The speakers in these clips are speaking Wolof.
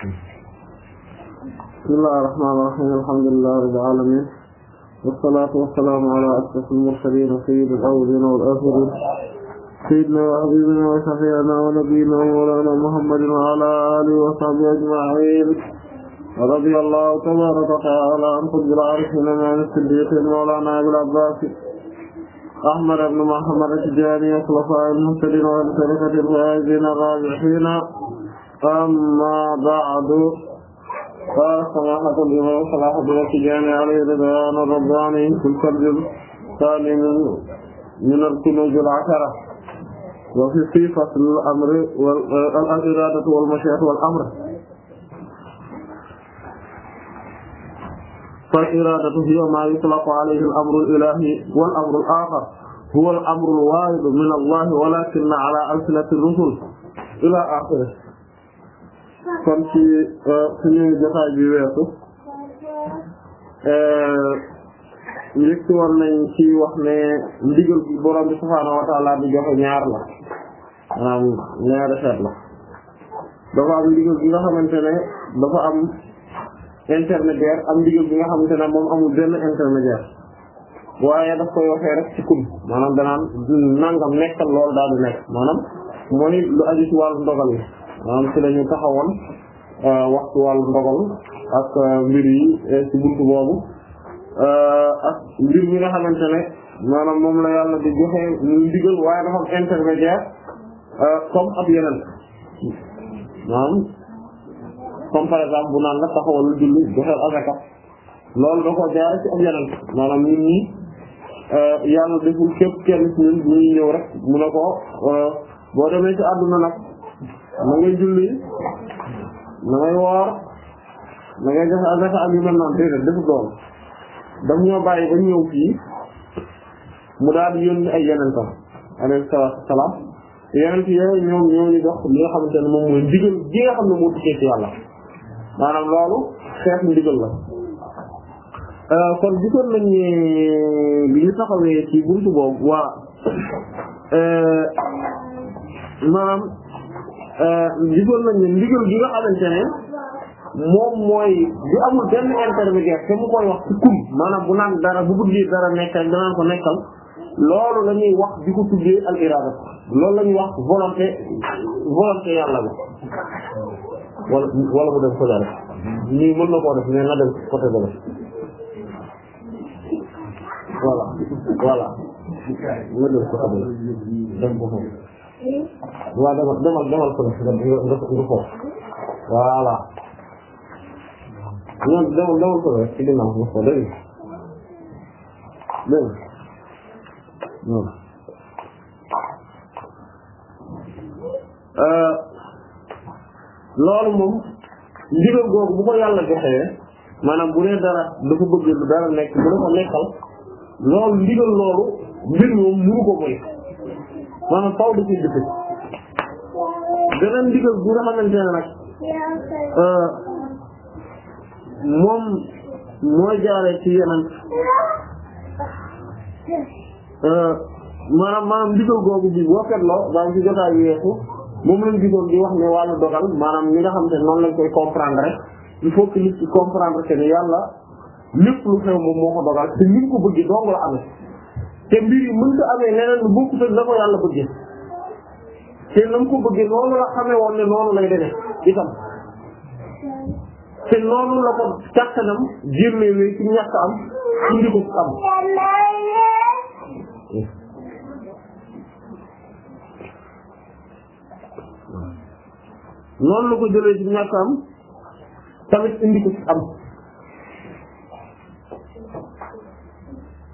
bismillahir rahmanir rahim alhamdulillahi rabbil alamin wassalaatu wassalaamu ala ashrafil mursaliin sayyidil awwaliina wal aaxiriin sayyidinaa wa habiibinaa wa shafii'inaa wa nabiyyinaa wa mawlaanaa muhammadin wa ala aalihi wa sahbihi ajma'iin radiyallahu tabaaraka wa ta'aala an qutbil aarifiin imaam as-siddiqiin mawlaanaa abil abbaas ahmad ibn muhammad at-tijaani wa xulafaa'ihil muhtadiin wa an tariiqatil faa'iziina raabihiin أما بعد قال سماحة الإمام صلاح الدين التجاني عليه رضوان الرباني في الفرد الثاني من الكنوز العشرة وفي صفة الأمر والإرادة والمشيئة والأمر فالإرادة هي ما يطلق عليه الأمر الإلهي والأمر الآخر هو الأمر الوارد من الله ولكن على ألسنة الرسل إلى آخره kon ci euh, suñu jotaay bi euh, wax ne ndigal bi borom bi subhaanahu wa ta'ala di joxe ñaar la maanaam ñaari xeet la dafa am ndigal bi nga xamante ne dafa am intermédiaire am ndigal bi nga xamante ne moom amul benn intermédiaire waaye daf koy waxee rek ci kun maanaam danaan nangam nekk loolu daal di nekk maanaam mooy lu aju ci wàllu ndogal yi maanaam ci la ñu taxawoon euh, wax ci wàllu ak euh, mbir yi euh, ci buntu boobu ak mbir mi nga xamante ne maanaam moom la yàlla di joxe ndigal waaye dafa am intermédiaire comme ab yeneen maanaam comme par exemple bu naan la taxawal julli joxe azaka loolu da koo jaare ci ab yeneen maanaam ñun ñi yàlla deful képp kenn ci ñun muy ñëw rek mu ne ko boo demee ci àdduna nag na ngay julli na ngay woor na ngay def ak ak yu mel ñoo bàyyi ba ñëw fii mu daal di yónni ay yeneen tam alayhi salaatu salaam yeneen ci yooyu ñoom ñoo ñu dox li nga xamante ne moom mooy ndigal gi nga xam ne moo tukkee ci yàlla maanaam loolu xeetu ndigal la euh, kon gisoon nañ ne bi ñu taxawee Euh, gisoon nañ ne ndigal gi xamante ne moom mooy bi amul benn intermédiaire te mu koy wax ci kum maanaam bu naan dara bu bëgg dara nekkal danaan ko nekkal loolu la ñuy wax di ko tuddee al loolu la wax volonté volonté yàlla bi wala wala mu def ko dara nii mën na koo def mais na dem côté ba voilà voilà mu def côté dem ko foofu waaw demal demal demal ko nga foofu voilà ñoom demal demal ko ci ginnaaw nga foofu dégg dégg euh, loolu moom ndigal googu bu ko yàlla joxee maanaam bu dee dara dafa bëgg dara nekk bu dafa nekkal loolu ndigal loolu mbir moom mënu ko moy maanaam faaw da ciy dëkk beneen ndigal bu nga xamante ne nag euh, moom moo jaaree ci yeneen euh, maanaam maanaam ndigal googu bi boo seetloo daaw ci jotaay yu weesu moom lañ gisoon di wax ne wàllu dogal maanaam ñi nga xam te noonu lañ koy comprendre rek il faut que nit comprendre que yàlla lépp lu xew moom moo ko dogal te ni mu ko bëgg dong la amee te mbir yi mënta amee leneen lu bokkut ak la ko yàlla bëggee te na ko bëggee noonu la xamee woon ne noonu lay demee itam te noonu la ko kàttanam jéemee ko am. noonu la ko jëlee ci ñàkk am tamit indi ko am.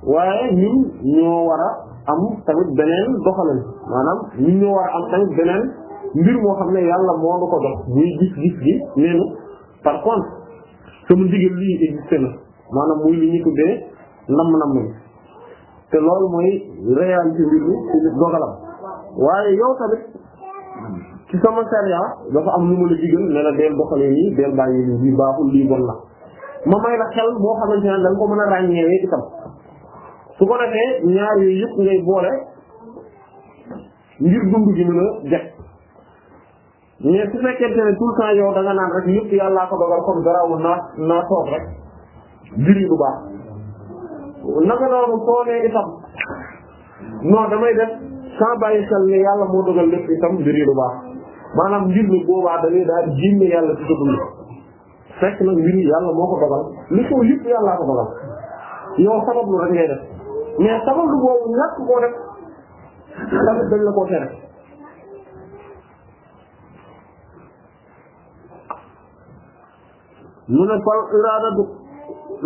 waaye ñun ñoo war a am tamit beneen doxalin maanaam ñun ñoo war a am tamit beneen mbir moo xam ne yàlla moo nu ko dox muy gis-gis gi nee na par contre sama ndigal lii existé na maanaam muy li ñu tuddee namm-namm yi te loolu mooy réalité mbir mi ci dogalam waaye yow tamit ci sama sariya dafa am lu ma la digal ne la deel doxalee nii deel bàyyi nii baaxul lii bon la ma may la xel boo xamante ne da nga ko mën a ràññeewee itam su ko defee ñaar yooyu yëpp ngay boole ngir dund gi mën a jekk mais su fekkente ne tout le temps yow da nga naan rek yëpp yàllaa ko dogal comme garaawul naa naa toog rek mbir yi du baax naka noonu soo nee itam non damay def sans bàyyi xel ne yàlla moo dogal lépp itam mbir yi du baax maanaam mbir mi boobaa da ngay daal génne yàlla ci sa dund fekk nag mbir yi yàlla moo ko dogal li ko yëpp yàllaa ko dogal yow sabab lu rek ngay def mais sabab lu boobu ñàkk koo def tamit dañ la koo tere mu ne fal iraada du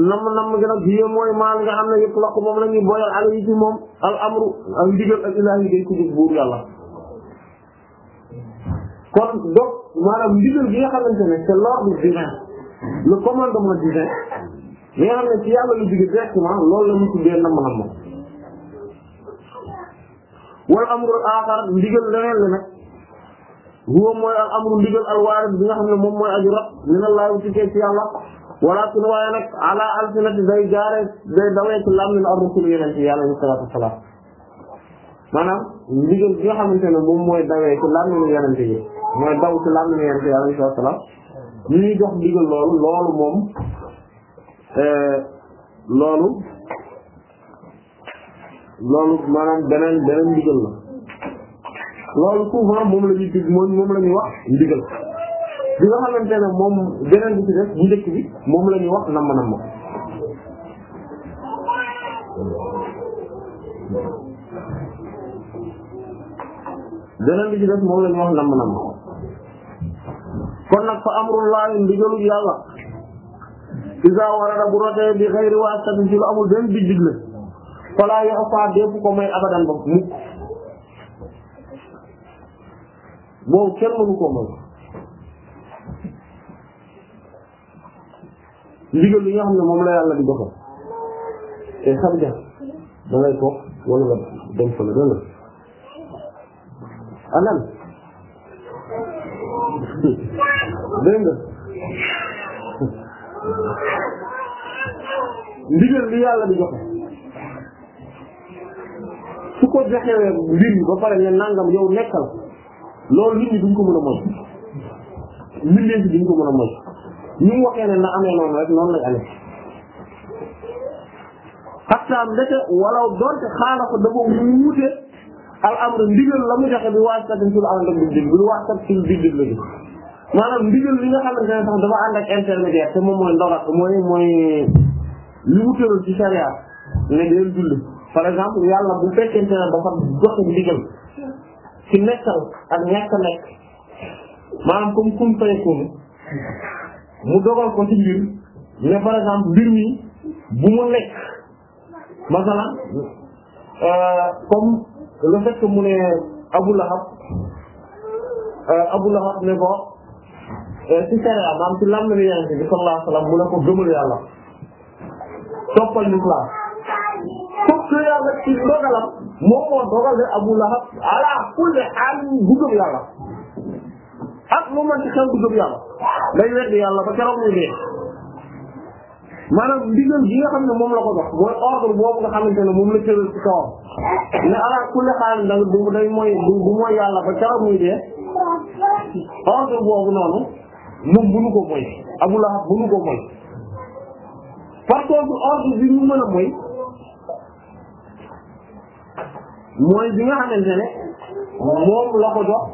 nam nam gi nag yé mooy maa li nga xam ne yëpp lakk moom la ñuy boyal ala yi ci moom al amru ak ndigal ak ilaahi dañ ko jóg buur yàlla kon donc maanaam ndigal bi nga xamante ne c'est l'ordre divin bi nga xam ne ci yàlla lu jóge directement loolu la wal amrul aaxar ndigal leneen li nag huwa mooy al amru ndigal al waarid bi nga xam ne moom mooy aju rab min Allah tukkee ci yàlla walakin waaye nag ala alsinati day jaaree day dawee ci làmmiñ ar rasul yeneen ci yàlla alayhi salaatu wasalaam maanaam ndigal bi nga xamante ne moom mooy dawee ci làmmiñ yeneen yi mooy daw ci làmmiñ yeneen yi alayhi salaatu wasalaam ñu jox ndigal loolu loolu moom eh, loolu loolu maanaam beneen beneen ndigal la loolu souvent moom la moom moom la ñuy wax ndigal bi nga xamante ne moom beneen bi ci def moom la wax namm namm bi ci moom la ñuy wax namm namm kon nag fa amrullahi ndigalu yàlla isa warada bu rotee bi xayri waasatin ci lu amul benn bi digle falaa yu'faa dee ko may abadan ba mukk boobu kenn mënu koo may ndigal li nga xam ne moom la yàlla di nga da ngay toog wala nga dem fële dana anan dégg nga ndigal su ko joxewee mbir mi ba pare ne nangam yow nekkal lool nit ñi duñ ko mën a moy nit ñi duñ ko mën a moy ni mu waxee ne na amee noonu rek noonu lay amee xattaam ndeke walaw doonte xaala ko dafa wuute al amr ndigal la mu joxe bi waasatin sul amr bi dil bi waasat sul bi dil la bi maanaam ndigal li nga xamante ne sax dafa ànd ak intermédiaire te moom mooy ndorat mooy mooy li mu tëral ci charia ne deel julli par exemple yàlla bu fekkente ne dafa joxe ndigal ci nekkal ak ñàkk nekk maanaam comme kun fayakun mu dogal ko ci mbir ne par exemple mbir mi bu mu nekk masala euh, comme le fait que mu Lahab euh, Abu Lahab ne ko euh, ci sariya maanaam ci lam na bi yenente bi sallallahu alayhi yàlla que yàlla ci dogalam moom moo dogal ne Abu Lahab ala kulli xaal bu gëm yàlla ak mu man ci xel bu gëm yàlla day weddi yàlla ba keroog muy dee maanaam ndigal gi nga xam ne moom la ko jox mooy ordre boobu nga xamante ne moom la tëral ci kawam ne ala kulli xaal da du day mooy du mooy yàlla ba keroog muy dee ordre boobu noonu moom mënu ko mooy Abu Lahab mënu ko mooy par contre ordre bi mu mën a mooy mooy bi nga xamante ne moom la ko jox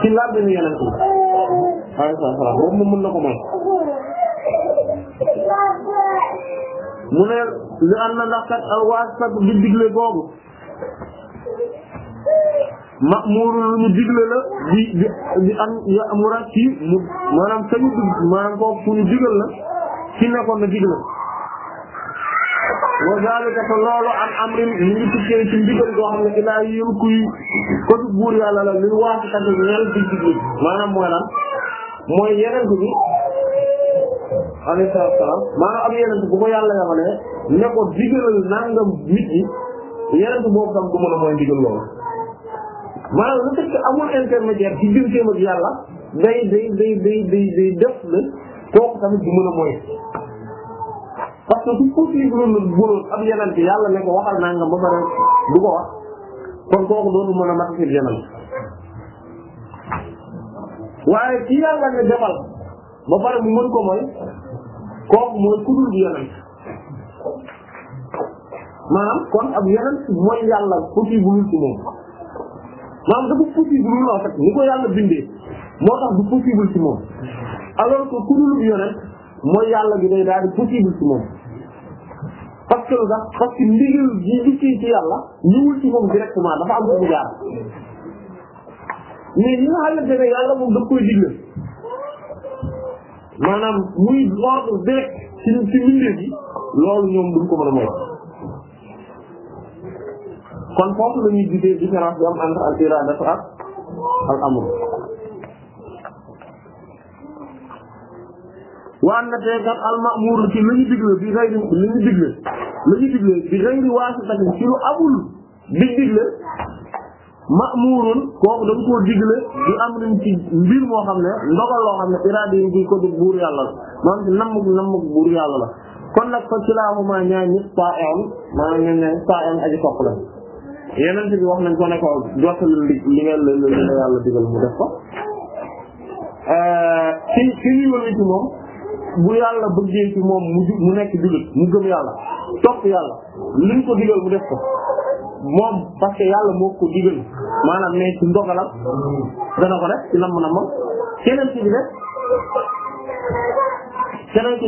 ci laaj bi yeneen kii. waaye saa saa boobu moom na ko may. mu ne li am na ndax kat aw di digle boobu ma'muru lu di di di am ya'mura ci mu maanaam sañu maanaam kooku fu ñu digal la ci nekkoon na digle. loolu an amrin ñu ngi tukkee ci ndigal goo xam ne ilaa yéen kuy côté buur yàlla la li waa si tamit ñeel bi jigéen maanaam mooy lan mooy yeneen bi alayhi salaam maanaam am yeneen bu ko yàlla yoo xam ne ne ko digalal nangam nit ñi yeneen boobu tam du mën a mooy ndigal loolu maanaam lu fekk amul intermédiaire ci digganteem ak yàlla day day day day day day def la kooku tamit du mën a mooy. parce que bu possible lu woon ab yeneen bi yàlla ne ko waxal naa nga ba pare du ko wax kon kooku doonu mën a matasir yeneen waaye ci yàlla ne defal ba pare mu mën ko mooy kooku mooy ku dul yeneen maanaam kon ab yeneen mooy yàlla possible lu ci moom maanaam dafa possible lu en fait ni ko yàlla bindee moo tax du possible ci moom alors que ku dul yeneen mooy yàlla gi day daal di possible ci parce que lu tax parce que ndigal ji jikki ci yàlla ñëwul ci moom directement dafa am lu mu jaar mais ñi nga xamante ne yàlla moom daf koy digle maanaam muy ordre direct ci ci mbindeef yi loolu ñoom duñ ko mën a moy kon foofu la ñuy gisee différence bi am entre al irada ak al amr waan na tey kat almamuru ci la ñu digle bi xëy na la ñu digle la ñu digle bi xëy na waa si tamit ci lu amul di digle ma'murun kooku dañ koo digle di am luñ ci mbir moo xam ne ndogal loo xam ne iraada yi ko dug buur yàlla la maanaam ci nammug nammug buur yàlla la kon nag fa kilaahumaa ñaar ñëpp taa'un maanaam ñoom ñaar taa'un aji topp la yeneen bi wax nañ ko ne ko jotal li li nga li nga yàlla digal mu def ko ci ci ñu wëri ci moom bu yàlla bëggee ci moom mu mu nekk jullit mu gëm yàlla topp yàlla liñ ko digal mu def ko moom parce que yàlla moo ko digal maanaam ne ci ndogalam dana ko def ci namm na moom keneen ci bi def keneen ci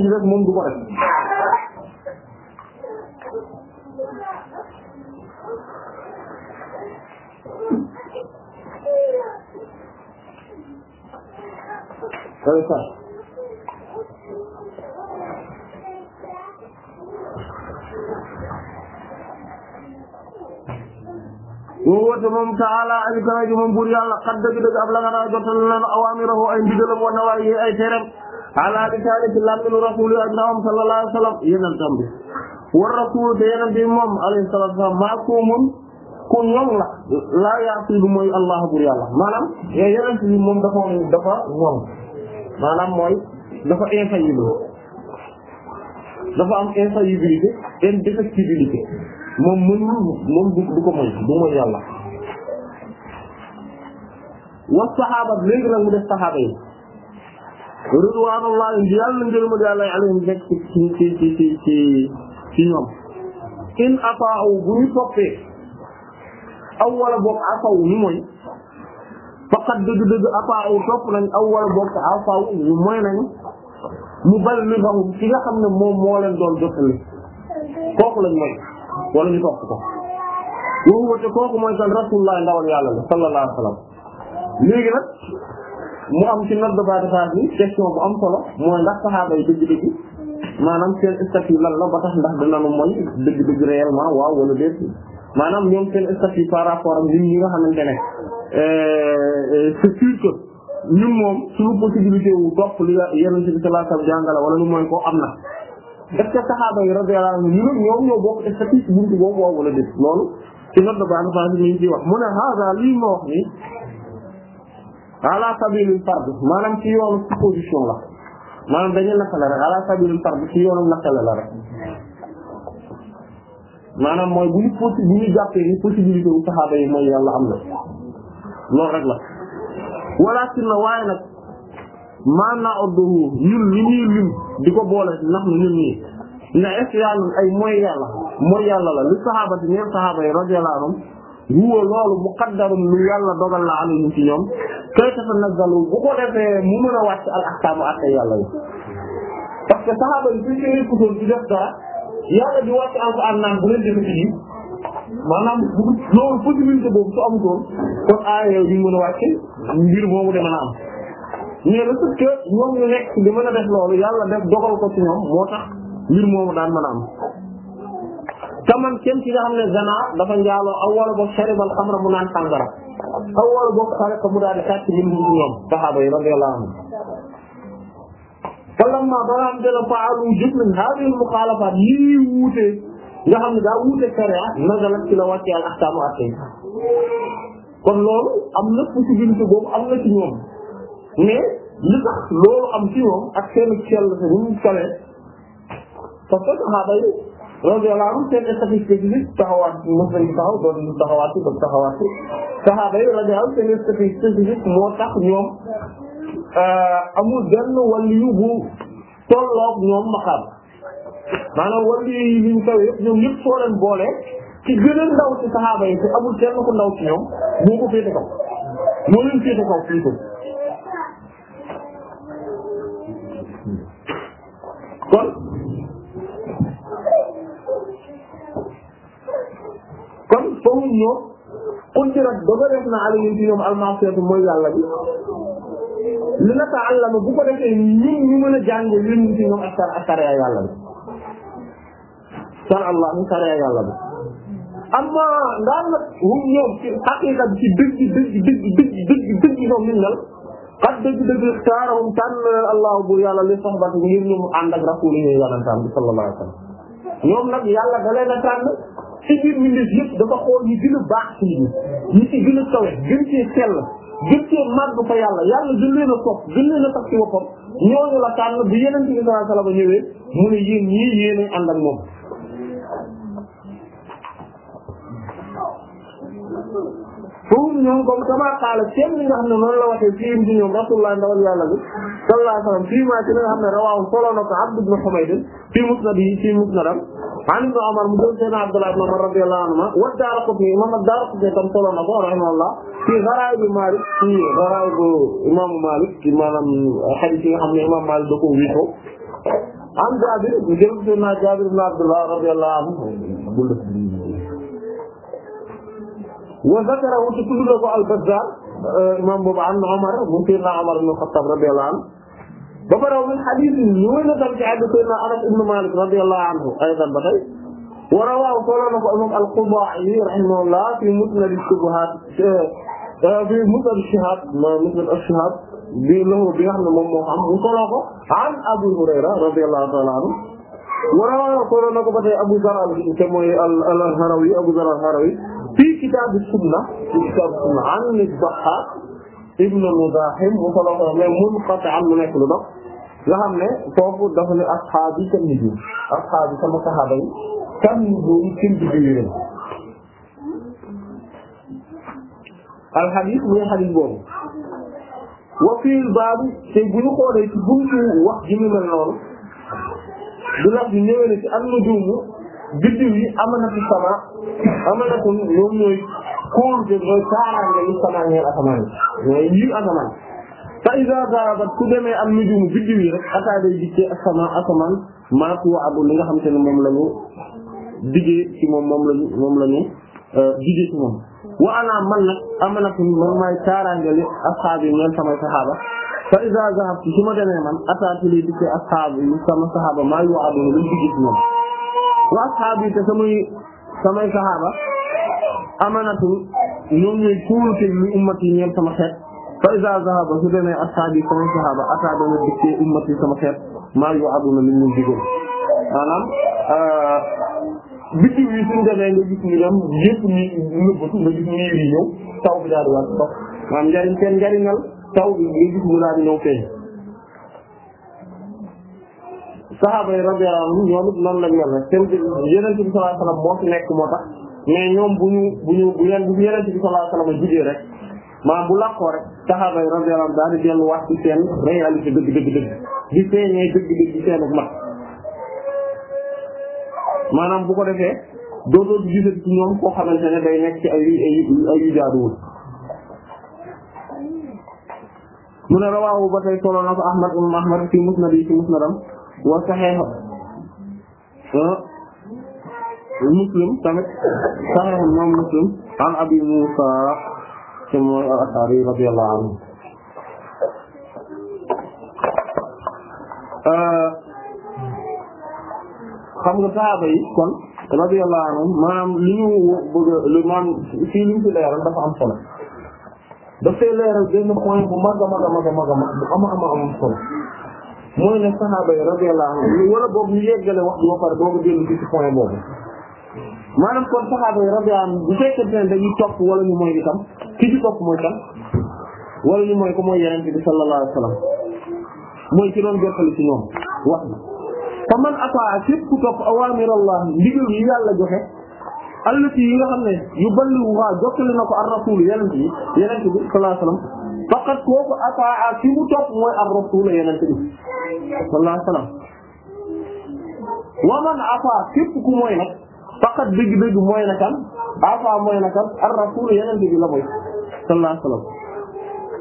woo woote moom taala aji kawe moom buur xat dëgg dëgg ab la nga naa jotal nanu awaamirahu ay ndigalam wa ay teram ala lisaani ci làmmiñu rasuli ak ndawam sallallahu alayhi wa sallam yeneen tam war rasul te yeneen bi moom alayhi ku ñoŋ la laa yaasi bi mooy allah buur yàlla maanaam yeneen bi moom dafa dafa ñoŋ maanaam mooy dafa infaillible dafa am infaillibilité indéfectibilité moom mënul moom du du moy du mooy yàlla wa saxaaba léegi nag mu def saxaaba yi ridwaanullah yàlla njërëmal yàlla i nekk ci ci ci ci ci ci ñoom in ata'u bu ñu toppee aw wala boog afaw ñu mooy faqat dëgg-dëgg ata'u topp nañ aw wala boog afaw ñu mooy nañ mu bal li xam ki nga xam ne moom moo leen doon jotali kooku lañ mooy wala ñu topp ko woowu te kooku mooy kan rasulullah ndawal yàlla la sallallahu alayhi wa sallam léegi nag mu am ci note de base bi question bu am solo mooy ndax saxaaba yi dëgg-dëgg maanaam seen statut lan la ba tax ndax dinañu mooy dëgg-dëgg réellement waaw wala déet maanaam ñoom seen statut par rapport ak ñun ñi nga xamante ne euh, c'est sûr que ñun moom suñu possibilité wu topp li la yeneen ci bi sallallahu jàngale wala lu mooy ko am na. est-ce que saxaaba yi radiyallahu anhum ñun ñoom ñoo bokk statut ci buntu boobu waaw wala déet loolu ci note de ma wax ni ala sabilil fard maanaam ci yoonu supposition la maanaam dañu naqale rek ala sabilil fard ci yoonu naqale la rek maanaam mooy bu ñu possi bu ñu jàppee ni possibilité bu saxaaba yi mooy yàlla am na loolu na waaye nag maanaa oddohu ñun li ñuy lim di ko boole ndax ñun ñii ne est ay mooy yàlla mooy yàlla la li saxaaba si ñeent saxaaba yi radiyallahu anhum huwa loolu muqaddarum lu dogal la alayhim ci ñoom kay tatanazzalu bu ko defee mu mën a wàcc al ahkaamu àtte yàlla yi parce que saxaaba yi suñ ko yëkkutoon def dara yàlla di wàcc alxuraan naan bu leen def ci yi maanaam loolu possibilité boobu su amutoon kon aaya yooyu ñu mën a wàcc mbir moomu dama na am mais le fait que ñoom ñu nekk di mën a def loolu yàlla def dogal ko ci ñoom moo tax mbir moomu daan mën a am taman kenn ci nga xam ne zana dafa naan sàngara yi nga xam te ne faalu jëf nañ haadil kon loolu boobu am na ñoom mais li tax loolu am ci moom ak seen sell ni mu solee parce que saxaaba yi radiyallahu anhum seen statistique bi taxawaat mos nañu taxaw doon taxawaat doon taxawaat saxaaba yi radiyallahu anhum seen statistique moo tax ñoom euh, amul benn waliyu bu tolloog ñoom maqaam maanaam waliyu yi ñu taw yëpp ñoom yëpp boole ci gën a ndaw ci saxaaba yi te amul kenn ku ndaw ci ñoom moo ko féete kaw moo leen féete kaw fii kon kon foofu ñëw quddirat dogareef na alayhim ci ñoom al-ma'siyatu mooy yàlla bi li nata'allama bu ko defee ñun ñu mën a jànge yéen ñu ci ñoom ak sar ak sariya yàlla bi sar allah ni sariya yàlla bi amma ndaa nag hum ñoom ci haqiqa bi ci dëgg dëgg dëgg dëgg dëgg dëgg ñoom liñ nal xat dëgg-dëgg taarahum tànn allahu bu yàlla li soxbat ngir ñu mu ànd ak rasul yi yonentam bi sallallahu alayhi wa sallam ñoom nag yàlla da leen tànn ci biir mindeef yëpp dafa xool ñi gën baax ci ñi ñi ci gën a kawe sell gën cee màgg fa yàlla yàlla gën leen a sopp gën leen a tax ci boppam ñooñu la tànn bi yeneen bi sallallahu alayhi wa mu ne yéen ñii yéen moom foofu ñoom comme sama xaala seen li nga xam ne noonu la waxee fii indi ñoom rasulullah ndawal yàlla bi sallallahu alayhi wa sallam fii maa ci li nga xam ne rawaahu soloo na ko Abd ibn Humayd fii musnadihi fii musnadam an ibn Umar mu jël seen Abdullah ibn Umar radiyallahu anhuma wa Daaraqutni imam Daaraqutni tam soloo na ko rahimahullah fii Gharaib Malik fii Gharaib imam Malik ci maanaam hadith yi nga xam ne imam Malik da ko wéetoo an Jaabir mu jël seen Jaabir ibn Abdullah radiyallahu anhu wa zakarahu te tudd na ko al-Bazzar euh, imam boobu an Umar mu Seydina Umar ibn Khattab radiyallahu anhu ba pare min hadith ñu ngi na tam ci àgg Seydina Anas ibn Malik radiyallahu anhu aydan ba tey wa rawaahu solo na ko imam al-Quda'i rahimahullah fi musnad ash-shubuhat euh, euh, fi musnad ash-shuhat ma musnad ash-shuhat bi lahu bi nga xam ne moom moo xam mu solo ko an Abu Hurayra radiyallahu ta'ala anhu wa rawaahu solo na ko ba tey Abu Zar al te mooy al al-Harawi Abu Zar al-Harawi fii kitaabu sunna fii kitaabu sunna an ad-Dahhaak ibn Muzaahim mu ko la ko mais munqati'an mu nekk lu dox nga xam ne foofu dafa ne ashaabi kan nujum ashaabi sama saxaaba yi kan di yéen alxadiis muy xadiis boobu wa fil baabu te bu ñu xoolee wax ji mu mel noonu du lax bi ñëwee na ci an nujumu biddiw yi amanatu sama amanatu ñoom ñooy kóolute ñooy saaraange yu sama ñeel asamaan yi ñooy asamaan fa ku demee am nujumu biddiw rek ataa day dikkee sama asamaan maa li nga xam te ne moom la ñu diggee ci moom moom lañu moom la ñu euh, diggee ci moom wa ana man nag amanatu man maay saaraange li asxaab yi ñeel samay saxaaba fa iza zahabtu ma demee man ataa ci lay dikkee asxaab yi sama saxaaba maa yu wa'adu li ñu diggee moom wa asxaabi te samay samay saxaaba amanatu ñoom ñooy kóolute li ummat yi ñeel sama xeet fa iza zahaba su demee asxaabi samay saxaaba ataa dana dikkee ummat yi sama xeet maa aduna li ñu digal maanaam euh, bitti bi suñ demee nga gis ni dem yëpp ñu nëbbatu nga gis niir yi ñëw taw bi daal di wàcc njariñ seen njariñal taw bi nga gis mu daal di feeñ saxaaba yi radiyallahu anhum ñoom it noonu lañ mel seen yeneen bi sallallahu alayhi wasallam moo fi nekk moo tax mais ñoom bu ñu bu ñu bu yeneen bi sallallahu alayhi wasallam jugee rek maanaam bu làkkoo rek saxaaba yi radiyallahu anhum daal di delluwaat ci seen réalité dëgg dëgg dëgg di feeñee dëgg dëgg ci seen mat maanaam bu ko defee dootoo di gisati ci ñoom koo xamante ne day nekk ci ay ay ay yu jaaduwul mu ne rawaahu ba tey solo na ko Ahmad ibn Ahmad fi musnad yi ci musnadam wa sahih muslim tamit sahih moom muslim an abi musa ci mooy al-ashari radiyallahu anhu ah. xam nga saaba yi kon radiyallahu anhu maanaam li ñu bëgg maanaam fii li ñu fi leeral dafa am solo dafay leeral benn point bu mag a mag a mag a mag bu ama ama am solo mooy ne saxaaba yi radiyallahu anhum wala boobu ñu yeggale wax ba pare boobu dellu ci point boobu maanaam kon saxaaba yi radiyallahu anhum bu fekkente ne wala ñu mooy itam ki ci topp mooy kan wala ñu mooy ko mooy yeneen bi sallallahu alayhi wa sallam mooy ci doon jottali ci ñoom wax bi fa man ataa képp ku topp awamirallah ndigal yi yàlla joxe allati yi nga xam ne yu balliwu waa jottali na ko ar rasul yeneen bi yeneen bi sallallahu alayhi wa sallam faqat kooku ataa ki mu topp mooy ar rasul yeneen bi sallallahu alayhi wa sallam wa man afa képp ku mooy nag faqat dëgg-dëgg mooy na kan afa mooy na kan ar rasul yeneen bi la mooy sallallahu alayhi wa sallam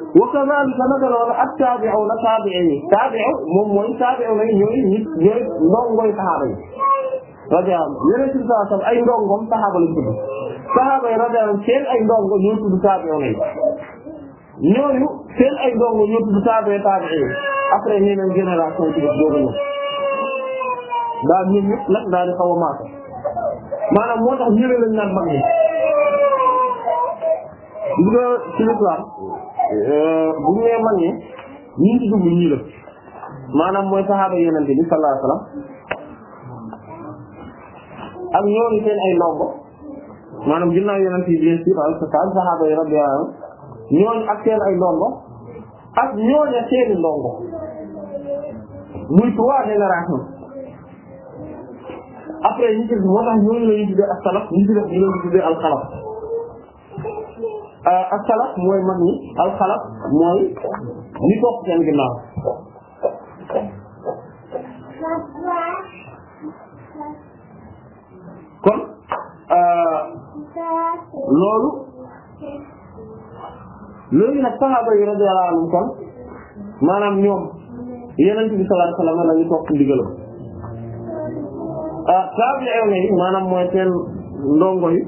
wa kadhalika naka noonu ak taabi'una taabi'i yi taabi'u moom mooy taabi'u na ñooy nit ñooy ndongoy saxaaba yi radiyallahu yeneen ci saa sam ay ndongom saxaaba lañ tudd saxaaba yi radiyallahu seen ay ndongo ñooy tudd taabi'u na ñooñu seen ay ndongo ñoo tudd taabe taabe après ñeneen génération ci def dooga ñëw nag daal di xaw a maaka maanaam moo tax ñële lañ naan mag euh, mag ñi ñii ci jublu ñii maanaam mooy saxaaba yonent bi sallallahu alayhi wasallam ak ñooñu seen ay ndongo maanaam ginnaaw yonent yi bien sûr ak saxaaba yi radiyallahu ñooñu ak seen ay ndongo ak ñooña seeni ndongo muy trois générations après ñi ci moo tax ñooñu la ñu tuddee ak salaf ñi ci def ñu leen tuddee alxalaf euh, mooy mag ñi alxalaf mooy ñi topp seen kon euh, loolu léegi nag saxaaba yi radiyallahu anhum kon maanaam ñoom yonent bi sallallahu alayhi wasallam topp ndigalam ah taabi'iin yi maanaam mooy seen ndongo yi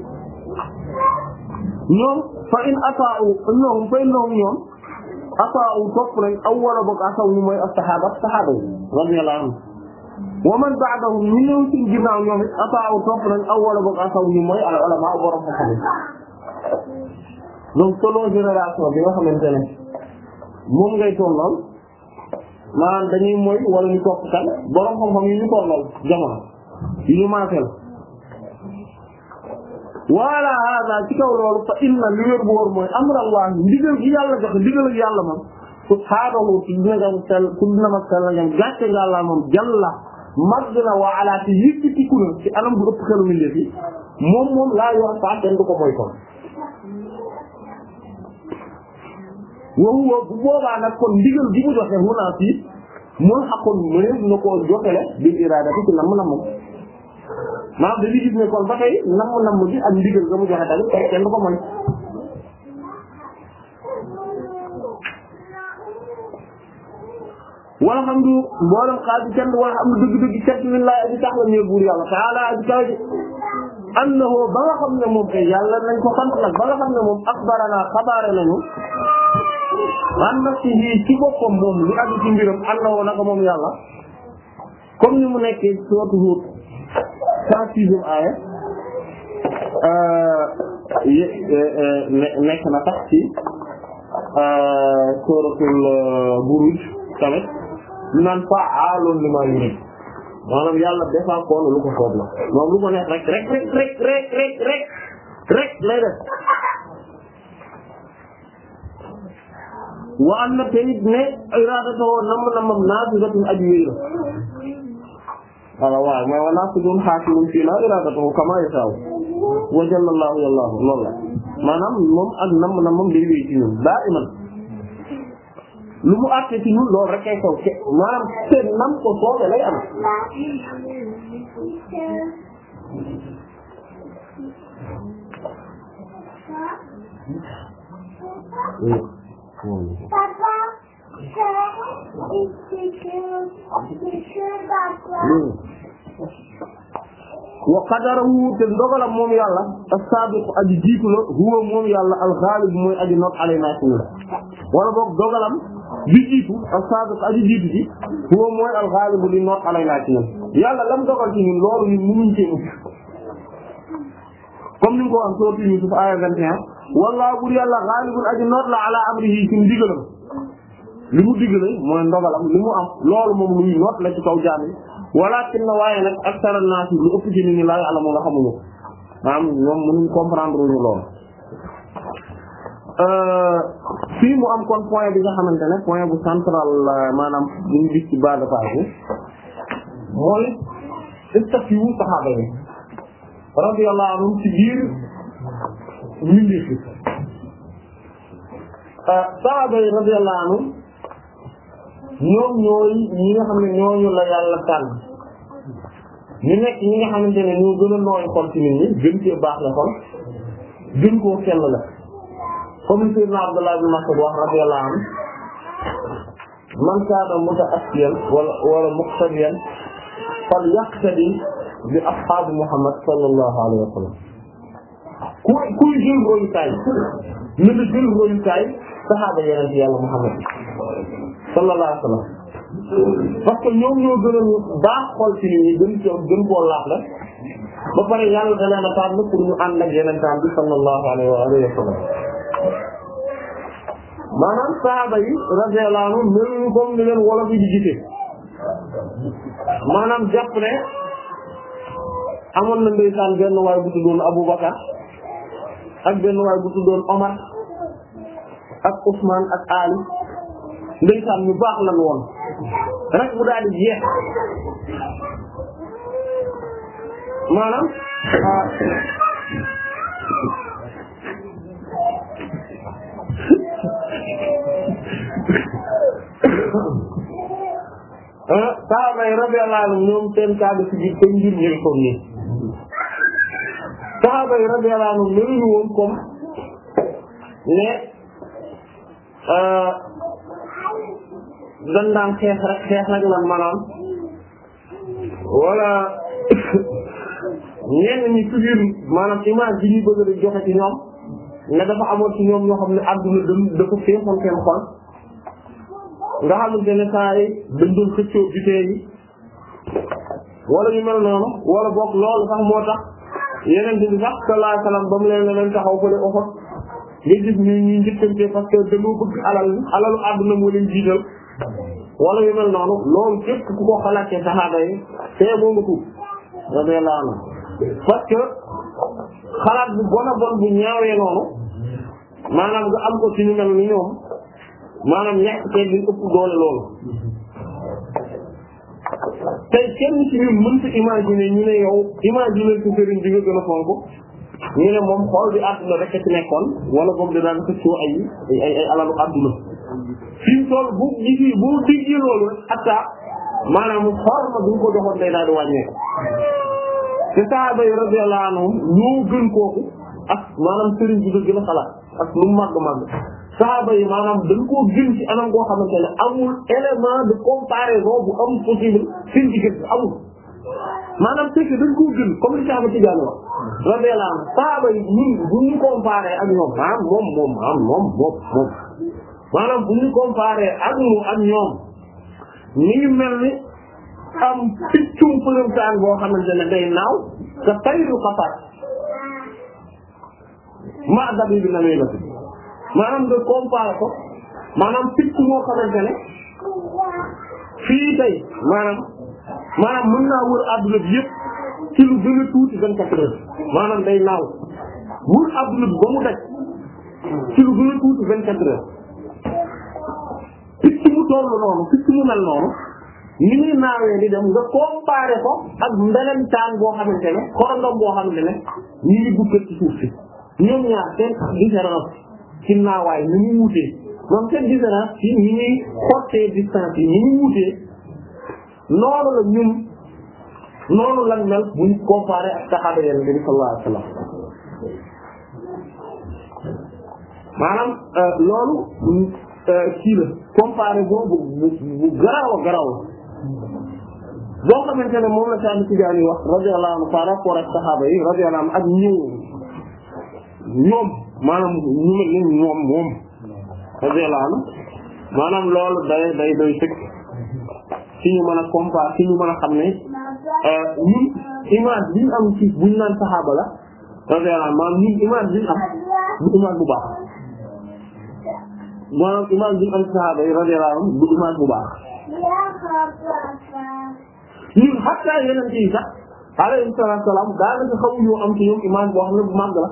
ñoom fa in u ñoom fa innahum ñoom ata'u topp nañ aw war a ñu mooy as-saxaaba saxaaba yi radiyallahu anhum wa man ba'dahum ñu ñëw ci ginnaaw ñoom it ata'u topp nañ aw war a bëgg asaw ñu mooy al-ulamaa borom xam-xam donc selon génération bi nga xamante ne moom ngay tollool maanaam dañuy moy wala ñu topp kan borom xam-xam yi ñu tollool jamono yi ñu maaseel wala hada ci kaw loolu fa inna li wér bu wóor mooy amrallah ndigal gi yàlla jox ndigal ak yàlla moom subhaanahu ci dina ngam sell ku dina ma sell ngam gàcce ngàllaa moom jalla mag na wa ala te yëkkati ku na ci anam bu ëpp xelu mi moom moom laa yor faa ko moy kon woowu woowu bu boobaa nag kon ndigal gi mu joxe mun naa fii mun xaqoon mënees na koo joxele bil iraadati ci namm namm maanaam dañuy ak ndigal ga mu joxe tamit kenn ko mooy walhamdu xam ne moom kay yàlla nañ ko sant nag ba nga xam ne moom axbarana xabaare nañu an nafsihi ci boppam moom lu aju ci mbiram annahu naka moom yàlla comme ni mu nekkee suratu Hud cent sixième aaya euh, euh, euh, nekk na tax ci suratul Buruj tamit ñu naan fa'aalun limaa yuriid maanaam yàlla defaa koon lu ko soob moom lu ko neex rek rek rek rek rek rek lay def wa am na tey ne iradatoo nam namam nafidatun aji wéy la wala wa nafidun hakimun fii la iradatoo kama wa jallallahu yallahu loolu la maanaam moom ak nam namam day wéy ci daa iman lu mu àtte ci ñun loolu rek nam ko soobe lay am Płonie. Papa, hmm. wa qadarahu te moom yàlla as-sabiq aji jiitu la huwa moom yàlla al-ghalib mooy aji not alaynaa suñu la wala boog dogalam bi jiitu as-sabiq jiitu ji huwa mooy al-ghalib li not alaynaa ci ñun yàlla lam dogal ci ñun loolu ñun mënuñ cee comme ni nga ko wax soo fi Yusuf aaya 21 wallaahu bur yàlla xaalibun aji noot la ala amrihi ci ndigalam li mu digale mooy ndogalam li mu am loolu moom luy noot la ci kaw jaam yi walaakin na waaye nag ak sara naas yi lu ëpp ci nit ñi laay alamu xamuñu maanaam ñoom mënuñ ñu loolu euh, fii mu am kon point bi nga xamante ne point bu central maanaam buñu gis ci bas de page bi mooy statut saxaaba yi radiyallahu anhum ci biir mbindeef yi saaba ah, yi radiyallahu anhu ñoom ñooy ñi nga xam ne ñooñu la yàlla tànn ñu nekk ñi nga xamante ne ñoo gën a nooy xol ci nit ñi gën cee baax la xol gën koo kenn la comme Seydina Abdullah ibn Mas'ud wax radiyallahu anhu man kaana muta'assiyan wala wala muqtadiyan fal yaqtadi bi ashaabi Muhammad sallallahu alayhi wa sallam ku kuy jël royukaay na nga jël royukaay saxaaba yeneen yàlla Muhammad sallallahu alayhi wa sallam parce que a baax xol ci nit ñi gën ci laax la ba pare yàlla da leen a tànn pour ñu ànd ak yeneen tànn sallallahu alayhi wa sallam maanaam saxaaba yi radiyallahu anhum meluñu comme wolof yi di gisee maanaam jàpp ne amoon na ndeysaan benn waaye bu tuddoon Abubakar ak benn waay bu tuddoon Omar ak Ousmane ak Ali ndeysaan ñu baax lan woon rek mu daal di jeex maanaam ah, ah saxaaba yi radiyallahu anhum ñoom seen kàddu ci biir kenn ngeen ko nii saxaaba yi radiyallahu anhum meluñu woon comme ne euh, dañ daan xeex rek xeex rek lan maanaam wala ñenn ñi figure maanaam image bi ñuy bëgg di joxe ci ñoom ne dafa amoon ci ñoom ñoo xam ne àdduna dañ dafa féexoon seen xol nga xamante ne saa yi dañ doon xëccoo bitee yi wala ñu mel noonu wala boog loolu sax moo tax yeneen bi sax sallallahu alayhi wasallam ba mu leen leen taxaw fële Uhud nga gis ñu ñu njëkkante parce que dañoo bëgg alal alalu àdduna moo leen jiital walla yu mel noonu loolu képp ku ko xalaatee saxaaba yi tee moo nga tuub radiyallahu anhu parce xalaat bu bon a bon bu ñaawee noonu maanaam nga am ko ci ñu mel ni ñoom maanaam ñàkk te duñ ëpp doole loolu tey kenn ci ñun mënta imaginer ñu ne yow imaginer ko sëriñ bi gën a fonk ñu ne moom xool bi àdduna rek ci nekkoon wala boobu dinaan xëccoo ay ay ay alalu àdduna fi mu bu gisee loolu rek hatta maanaam xool ko joxoon day daal di wàññeeku te saaba yi radiyallahu anhum ñoo gën kooku ak maanaam sëriñ bi nga gën a xalaat ak lu màgg màgg saxaaba yi maanaam dañ koo gën ci anam koo xamante ne amul élément de comparaison bu am possible seen diggante amul maanaam c'est que dañ koo gën comme li saxaaba ci jàll wax radiyallahu anhu saxaaba yi ñun bu ñu comparé ak ñoom ah moom maanaam bu ñu comparé ak mu ak ñoom ngi mel ni am piccum përëmtaan boo xamante ne day naaw te tayru xafaat ma dabi bi na may la maanaam nga comparé ko maanaam picc moo xamante ne fii tey maanaam maanaam mën naa wër adduna bi yëpp ci lu gën a tuuti vingt quatre heures maanaam day naaw wër adduna bi ba mu daj ci lu gën a tuuti vingt quatre heures picc mu tollu noonu picc mu mel noonu ni muy naawee di dem nga comparé ko ak mbelentaan boo xamante ne xorondom boo xamante ne ñu ngi dugg ci suuf si ñoom ñaar seen différence ci naawaay ni mu wutee donc cette différence ci ni ñuy yi ni mu wutee noonu la ñun noonu lañ mel buñ comparé ak saxaaba yonent bi sallallahu alayhi wasallam maanaam euh, loolu euh, kii la comparé boobu bu bu garaaw a garaaw boo xamante ne moom la Sadi Tidiane yi wax radiyallahu anhu par rapport ak saxaaba yi radiyallahu ak ñëw ñoom. maanaam ñu mel ni moom moom radiyallahu anhu maanaam loolu day day doy sëkk ci ñu mën a compa ci xam ne euh, ñun image bi ñu am ci buñ naan saxaaba la radiyallahu anhu maanaam ñun image bi ñu am du image bu baax maanaam image bi ñu am ci saxaaba yi bu baax yi sax alayhi salaatu salaam daanaka xamuñu am ci ñoom image boo xam ne bu màgg la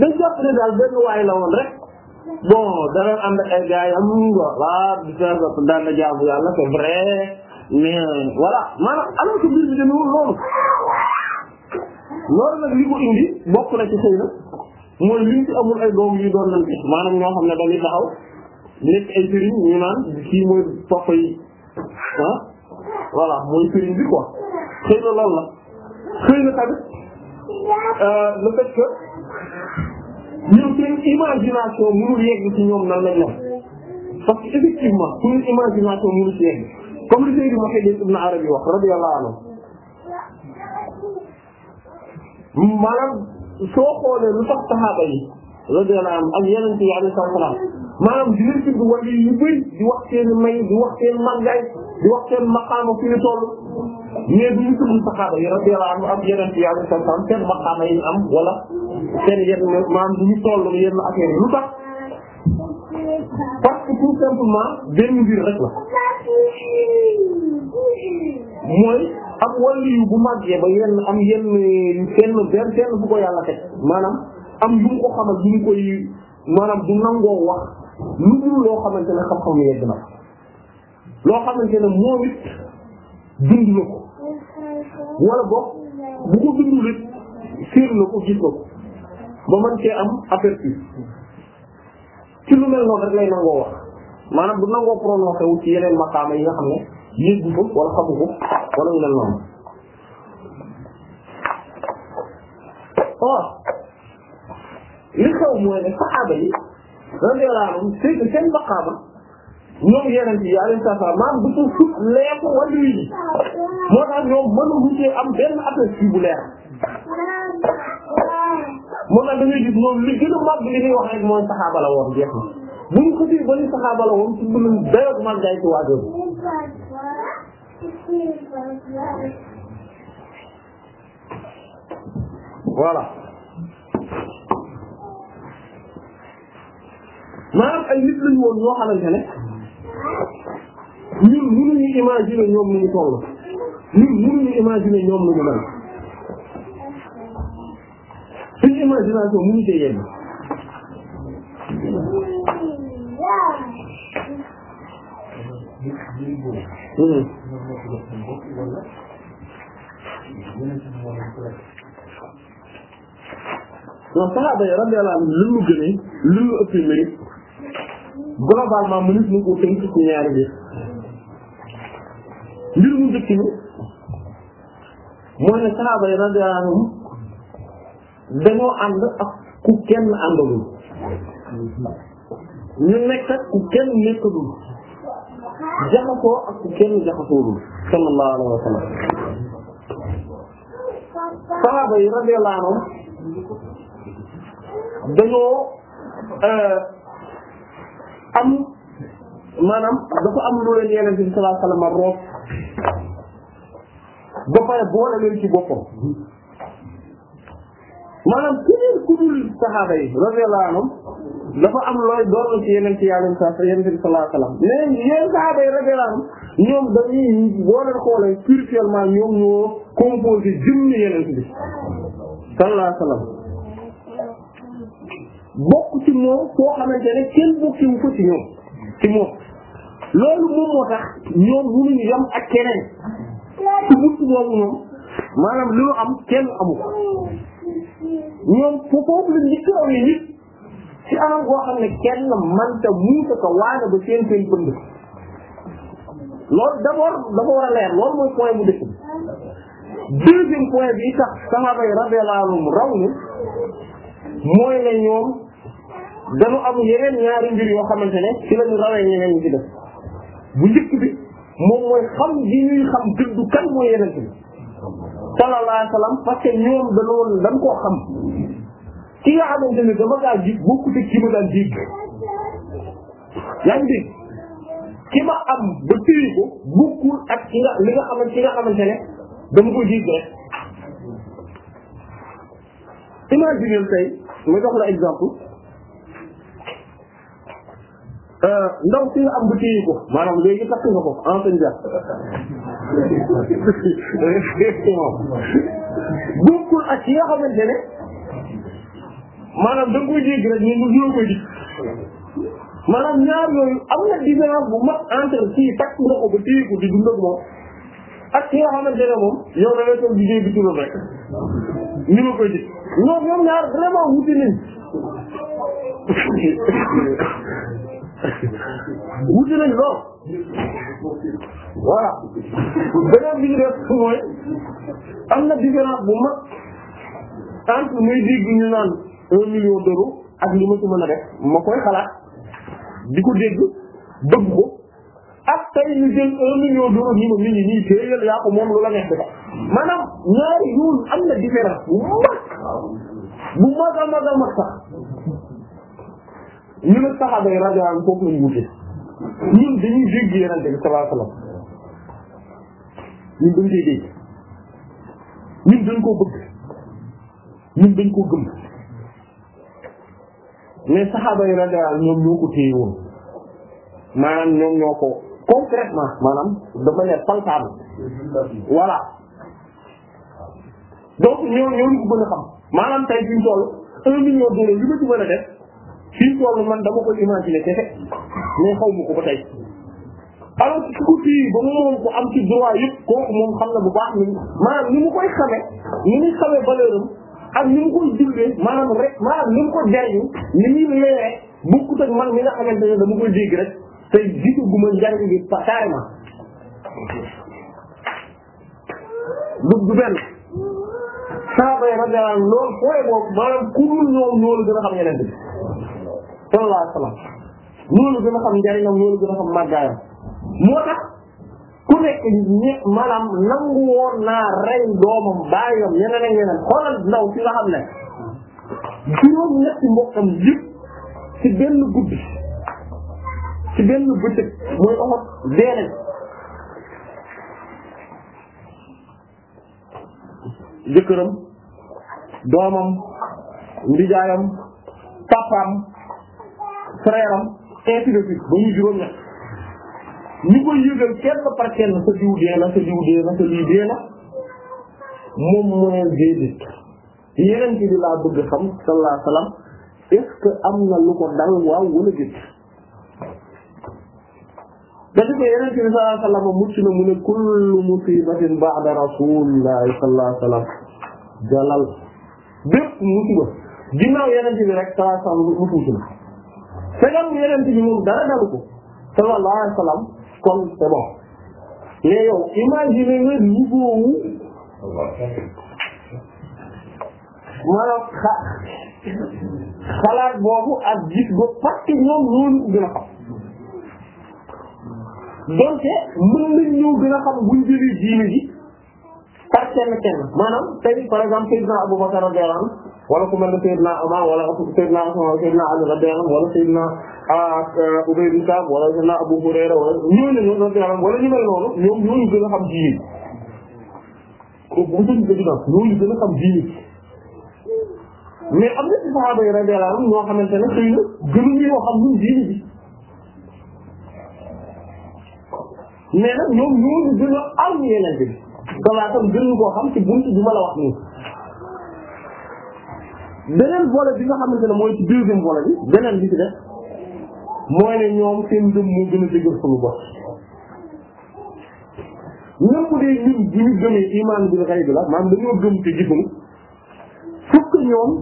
dañ jàpp ne daal benn waay la woon rek bon dara ànd ak ay gars yi am voilà di faire ba daan na jaamu loolu loolu nag li ko bokk na ci na mooy liñ ci ay doom yu doon nañ ci maanaam ñoo xam ne dañuy taxaw ay sëriñ ñu naan kii mooy papa yi ah? mooy sëriñ bi quoi xëy na loolu la xëy na tamit. Euh, le fait que ñun seen imagination mënul yegg ci ñoom nan lañ la parce que effectivement suñu imagination mënul ci yegg comme li Seydou Mouhamed Ibn Arabi wax radiyallahu anhu maanaam soo xoolee lu tax saxaaba yi radiyallahu anhu ak yeneen ci alayhi salaam maanaam di leen tudd wàllu yu bëri di wax seen may di wax seen màggaay di wax seen maqaama fi ñu toll. mais bu ñu tudd saxaaba yi radiyallahu anhu am yeneen yi yàlla tam am wala seen yenn maanaam bu ñu toll yenn affaire yi lu tax parce que tout benn mbir rek la mooy ab waliyu bu màggee ba yenn am yenn seen benn seen bu ko yàlla teg maanaam am lu mu ko xamal lu mu koy maanaam du nangoo wax lu dul loo xamante ne xam-xam yegg na loo xamante ne moom it dund na ko wala boog bu ko bindul fiir na gis na ba mën cee am aperçu ci mel noonu rek lay nangoo wax maanaam bu nangoo prononcé wu ci yeneen maqaama yi nga xam ne yëggu ko wala xamu ko wala ñu mel noonu waaw li xew mooy ne saxaaba yi radiyallahu anhum seen ñoom yeneen yi yaa leen saafara maanaam du ko leeku wàllu yi moo tax ñoom mënuñu am benn aperçu bu leer moo tax dañuy gis moom li gën a mag li ñuy wax rek mooy saxaaba la woon jeex na bu ñu ko fii ba ñu saxaaba la woon ci mbirum dayoo mag day ci waa jooju. voilà maanaam ay nit lañu woon ñoo ñun mënuñu imaginer ñoom lu ñu toll ñun mënuñu ñoom lu ñu mel suñu imagination mënuñu cee yegg hmm. non saxaaba yi radiyallahu anhum lu ñu gënee lu ñu ëppee globalement mënees nañ ko tënk ci ñaari mbir mbir mu njëkk ni mooy ne saxaaba yi radiyallahu anhum dañoo ànd ak ku kenn ak ku kenn nekkalul jaxasoo ak ku kenn jaxasoolul sallallahu alayhi wa sallam saxaaba yi radiyallahu anhum dañoo euh, am maanaam dafa am lu leen yeneen bi sallallahu alayhi wasallam roof ba pare boole leen ci boppam maanaam keneen ku dul saxaaba yi radiyallahu anhum dafa am looy doon ci yeneen ci yàlla sa yeneen bi sallallahu alayhi wasallam mais yeneen saxaaba yi radiyallahu anhum ñoom dañuy boo leen xoolee spirituellement ñoom ñoo composé jëmmi yeneen bi sallallahu alayhi wasallam bokk ci moom koo xamante ne kenn bokkiwu ko ci ñoom ci moom loolu moom moo tax ñoom mënuñu yam ak keneen ci buntu ñoom maanaam lu am kenn amu ko ñoom foofu la njëkk a amee nit ci anam koo xam ne kenn manta muuta ko waane ba seen seen pënd loolu d'abord dafa a leer loolu mooy point bu dëkk bi deuxième point bi tax saxaaba raw ni mooy ne ñoom dañu am yeneen ñaari mbir yoo xamante ne ci la ñu rawee ñeneen ñi ci def bu njëkk bi moom mooy xam gi ñuy xam gëddu kan mooy yeneen bi sallallahu ñoom dañoo dañ koo xam ki nga xamante ne dama kaa gis bokkut ki li nga xamante ki nga xamante ne dama koy dégg rek imagine tey ma jox la exemple Euh, ndaw si nga am bu téye ko maanaam léegi takk nga ko enseigne bi bokkul ak yi nga xamante ne maanaam da nga koy dégg rek ñun ñoo koy dégg maanaam ñaar yooyu am na différence bu mag entre kii takk nga ko ba téye ko di dund ak moom ak ki nga xamante ne moom yow da ngay toog liggéey bi turam rek ñu ma koy dégg ñoom ñoom ñaar vraiment wuti wuti nañ lool voilà beneen bi ñu def mooy am na différence bu mag entre muy dégg ñu naan un million d'euros ak li ma ci mën a ma koy xalaat di ko dégg bëgg ak tey ñu un million d'euros ni ma nit ñi nii téyal yaa ko moom lu la neex ba maanaam ñaari yoon am différence bu mag bu mag a mag a mag ñu ne saxaaba yi radiyallahu foofu lañu wute ñun dañuy dégg Yonent bi sallallahu alayhi wasallam ñun dañ koy dégg ñun dañ koo bëgg ñun dañ koo gëm mais saxaaba yi radiyallahu ñoom ñoo ko téye woon maanaam ñoom ñoo ko concrètement maanaam de manière palpable voilà donc ñoo ñoo ñu ko xam maanaam tey fi ñu toll un million d'euros li ma ci mën def fii toll man dama ko imaginer kese mais xaw ma ko ba tey alors ku fii ba mu moom ko am ci droit yëpp kooku moom xam na bu baax ni mu koy xame ni muy xame valeur am ni mu koy jullee maanaam ni mu ko jariñu ni muy leeree bokkut ak man mi nga xamante ne dama koy dégg rek te jiitu gu ma njariñ bi carrément du du benn saaba ku dul ñoom ñoo la gën a xam yeneen bi sallallahu alayhi wa sallam loolu gën a xam njariñam loolu gën a xam màggaayam moo tax ku nekk ñi maanaam nangu woon naa rey doomam baayam yeneen ak yeneen xoolal ndaw si nga xam ne juróom ñetti mbokkam yëpp ci benn guddi ci benn bëccëg mooy oxot deenañ jëkkëram doomam ndijaayam papaam frère am ainsi de suite ba ñu juróom ñett ñu koy yëgal kenn par kenn sa diw na sa diw na sa lii na moom mooy déedéet yeneen ci bi laa bëgg xam sallallahu alayhi wa am na lu ko dal waaw wala déet dañu ko yeneen ci bi sallallahu alayhi wa mu ne kullu musibatin ba'da rasulillahi sallallahu alayhi wa sallam jalal bépp musiba ginnaaw yeneen ci bi rek sallallahu alayhi wa sallam mucc te dalu yeneen bi moom dara dalu ko sallallahu alayhi wa sallam kon c'est bon mais yow imagine nga niveau wu maanaam xa xalaat boobu ak gis ba parce que ñoom loolu gën a xam donc mën nañ ñëw gën a xam buñ jëlee diine ji par kenn kenn maanaam tey par exemple président Aboubacar radiyallahu anhu wala ku mel ne Seydina Ama wala Seydina Usmaan Seydina Ali radiyallahu anhu wala Seydina Ubay ibn Ka'b wala Seydina Abu Hurayra wala ñooñu ñoo radiyallahu wala ñu mel noonu ñoom ñooñu gën a xam diine bu suñu gëj ñooñu gën a xam diine mais am na ci saxaaba yi radiyallahu anhum ñoo xamante ne xëy na gënuñu ñoo xam ñun diine bi mais nag ñoom ñooñu gën a am yeneen bi. damaa tam gën ñu koo xam ci buntu bi ma la wax nii. beneen boole bi nga xamante ne mooy ci deuxième volet bi beneen bi ci def mooy ne ñoom seen ngëm moo gën a dëgër suñu bopp ñëpp dee ñun bi ñu gëmee iman bi fukk ñoom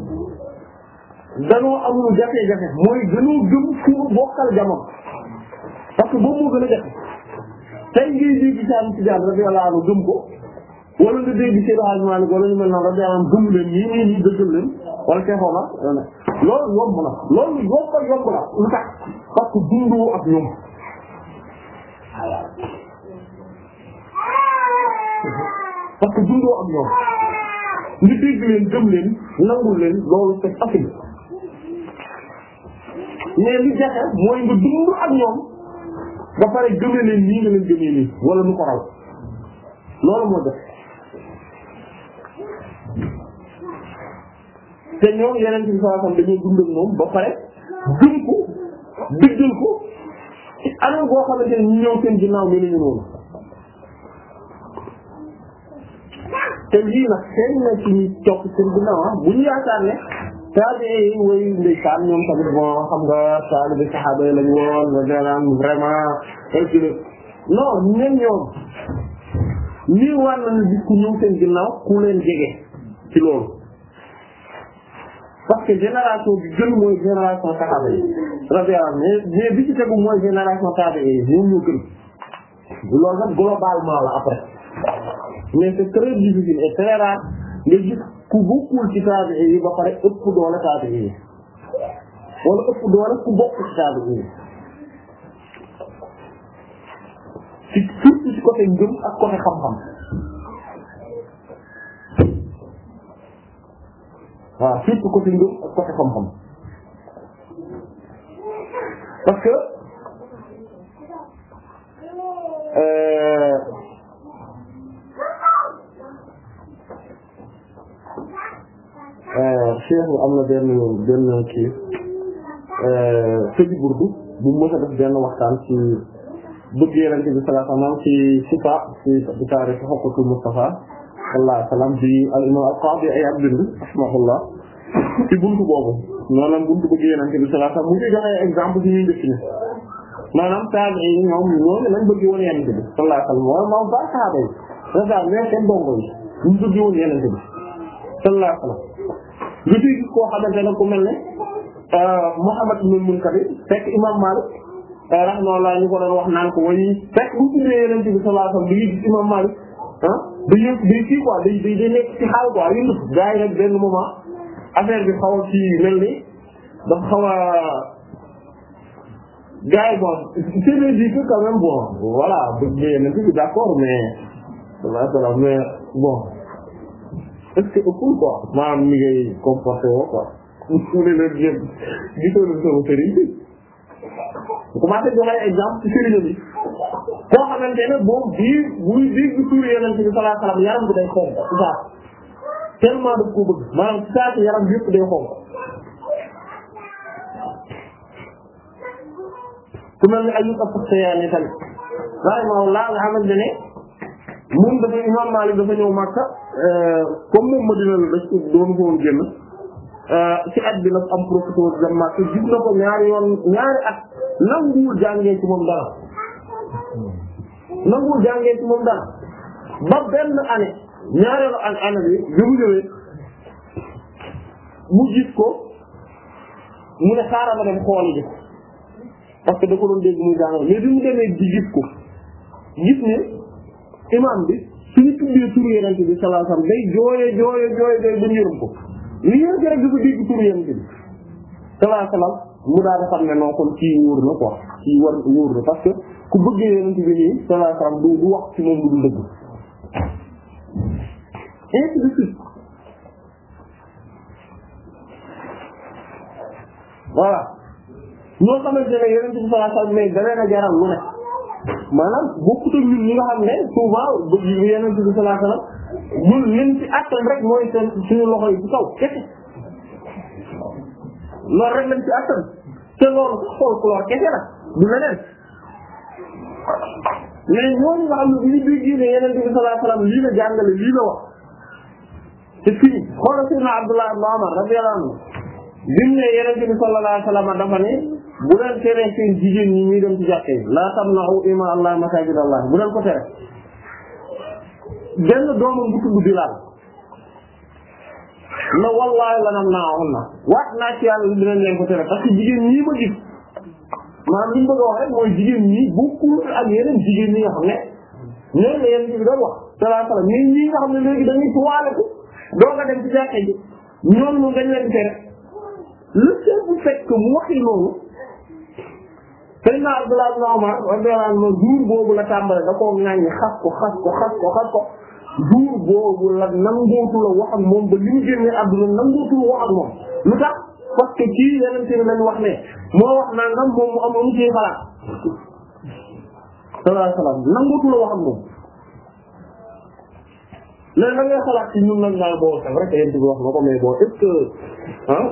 dañoo amul jafe-jafe mooy dañoo gëm fu bokkal jamono parce que boobu moo gën a jafe tey ngay jéggi saan ci jaan rek yàlla gëm ko wala nga dégg Seydou Hadj Malick wala ñu mel noonu rajo am gëm leen nii nii nii dëggal leen wala keexoon na loolu yomb loolu yomb a yomb la lu tax parce dundoo ak ñoom. parce dundoo ak ñoom ñu dégg leen gëm nangul leen loolu c'est facile mais ak ñoom ba pare gëmee nii nga leen gëmee nii nu ko raw loolu moo def. te ñoom yeneen bi sallallahu alayhi wasallam dañoo dund ak moom ba pare gëm ko diggal ko ci anam goo xamante ne ñu ñëw seen ginnaaw meluñu noonu te lii nag seen na ci ah, ñu woy ndeysaan ñoom tamit bon xam nga taalibe saxaaba yi lañu woon maanaam vraiment est non ñun ñoom ñii war nañu gis ku ñëw seen ginnaaw ku leen jege ci loolu parce que génération bi gën mooy génération saxaaba yi radiyallahu mais mais bi ci tegu mooy génération saxaaba yi ñoom ñoo gën loolu nag globalement la après mais c'est très difficile et très rare nga gis ku bokkul ci saxaaba yi ba pare ëpp doole saxaaba yi wala ëpp doole ku bokk ci saxaaba yi ci surtout ci côté ngëm ak côté xam-xam waaw ko côté ngëm ak côté xam-xam parce que euh, euh, cheikh am na benn benn kii sëñ euh, burdu bu mu mës def benn waxtaan ci bëgg Yonent bi sallallahu alayhi wa sallam ci sifa ci taarix xokkatul Mustafa sallallahu alayhi wa sallam bi al imam al qadi Iyaad bind rahimahullah ci buntu boobu noonu la buntu bëgg yonent bi sallallahu alayhi wa sallam mu ngi joxe exemple ci ñuy njëkk ñi maanaam tabi'i yi ñoom ñooñu lañ bëgg woon yonent bi sallallahu alayhi wa sallam wala moom ba saaba yi rasaar mais seen dongo yi ñu bëgg woon yonent bi sallallahu alayhi wa sallam lu ciy gis koo xamante ne ku mel ne euh, Muhammad ibn Munkadir fekk imam Malik rahimahullah ñu ko doon wax naan ko way fekk bu tuddee yonent bi sallallahu alayhi wa sallam bi ngi gis imam Malik ah day yëngu day kii quoi day day day nekk ci xaal quoi yëngu gars yi nag benn moment affaire bi xaw mel ni dafa xaw a gars yi bon c'est vrai dit que quand même bon voilà bëgg na ci d'accord mais damaa dara mais bon est-ce que ëppul quoi maanaam ni ngay comporté woo quoi mu ne leen yëpp gisoo leen sama sëriñ bi. bu commencé joxe exemple koo xamante ne moom biir muy biir bi tuur yonent bi sallallahu alayhi yaram bi day xonk ci saa tellement daf ko bëgg maanaam ci saa si yaram bi yëpp day xonk ku mel ni nga xamante ne moom dafa imam Maalik dafa ñëw Makka euh, comme moom Madina la dafa doon ko woon génn euh, ci at bi la am profité dem Makka na ko ñaari yoon ñaari at nanguwul jàngee ci moom dara nanguwul jàngee ci moom dara ba benn année ñaareelu an année bi bi mu ñëwee mu gis ko mu ne xaaral ma dem xool ji parce que da doon dégg muy jàngale mais bi mu demee di gis ko gis ne imam bi suñu tuddee turu yonent bi sallallahu dafa dégg turu yonent bi sallallahu alayhi wasallam mu daal di ne non kon kii wóor na quoi kii war na parce que ku bëggee yonent bi nii sallallahu alayhi wasallam du du wax ci moom lu dul dëgg ainsi de suite voilà ñoo xamante ne yonent bi sallallahu alayhi wasallam mais da leen a jaral lu ne ne souvent yonent bi sallallahu alayhi wasallam ñun liñ ci rek mooy seen suñu loxo yi ci kaw kese loolu rek lañ ci attan mais ñooñu nga xam ne bu ñu déggee ne yeneen bi sallallahu alayhi wasallam lii la jàngale lii la wax te fii xoolal Seydina Abdullah ibn Umar radiyallahu anhu bim ne yeneen bi sallallahu alayhi wasallam dafa ne bu leen tere seen jigéen ñi ñuy dem ci jàkka yi la tamna'u ima Allah masajid Allah bu leen ko tere benn doomam bu tudd Bilaal na wallaahi lanam naa woon na waat naa ci yàlla dinañ leen ko tere parce que jigéen ñii ma gis maanaam li ñu bëgg mooy jigéen ñi bokkul ak yeneen jigéen ñi nga xam ne ñoom la yeneen bi doon wax salaa salaam mais ñi xam ne léegi dañuy tuwaale ko doo nga dem ci jàkka mu waxi loolu Seydina Abdullah ibn Umar radiyallahu boobu la tàmbale da koo ŋàññi xas ko xas ko xas ko boobu la nangootu la moom ba li mu génnee àdduna nangootu la moom lu tax parce que kii yeneen bi lañ wax ne moo wax nangam moom mu amoon ci xalaat sallallahu alayhi wasallam nangutu la wax ak moom léegi da ngay xalaat ci ñun nag naa boo xam rek yéen bi wax na ko mais bon est-ce que ah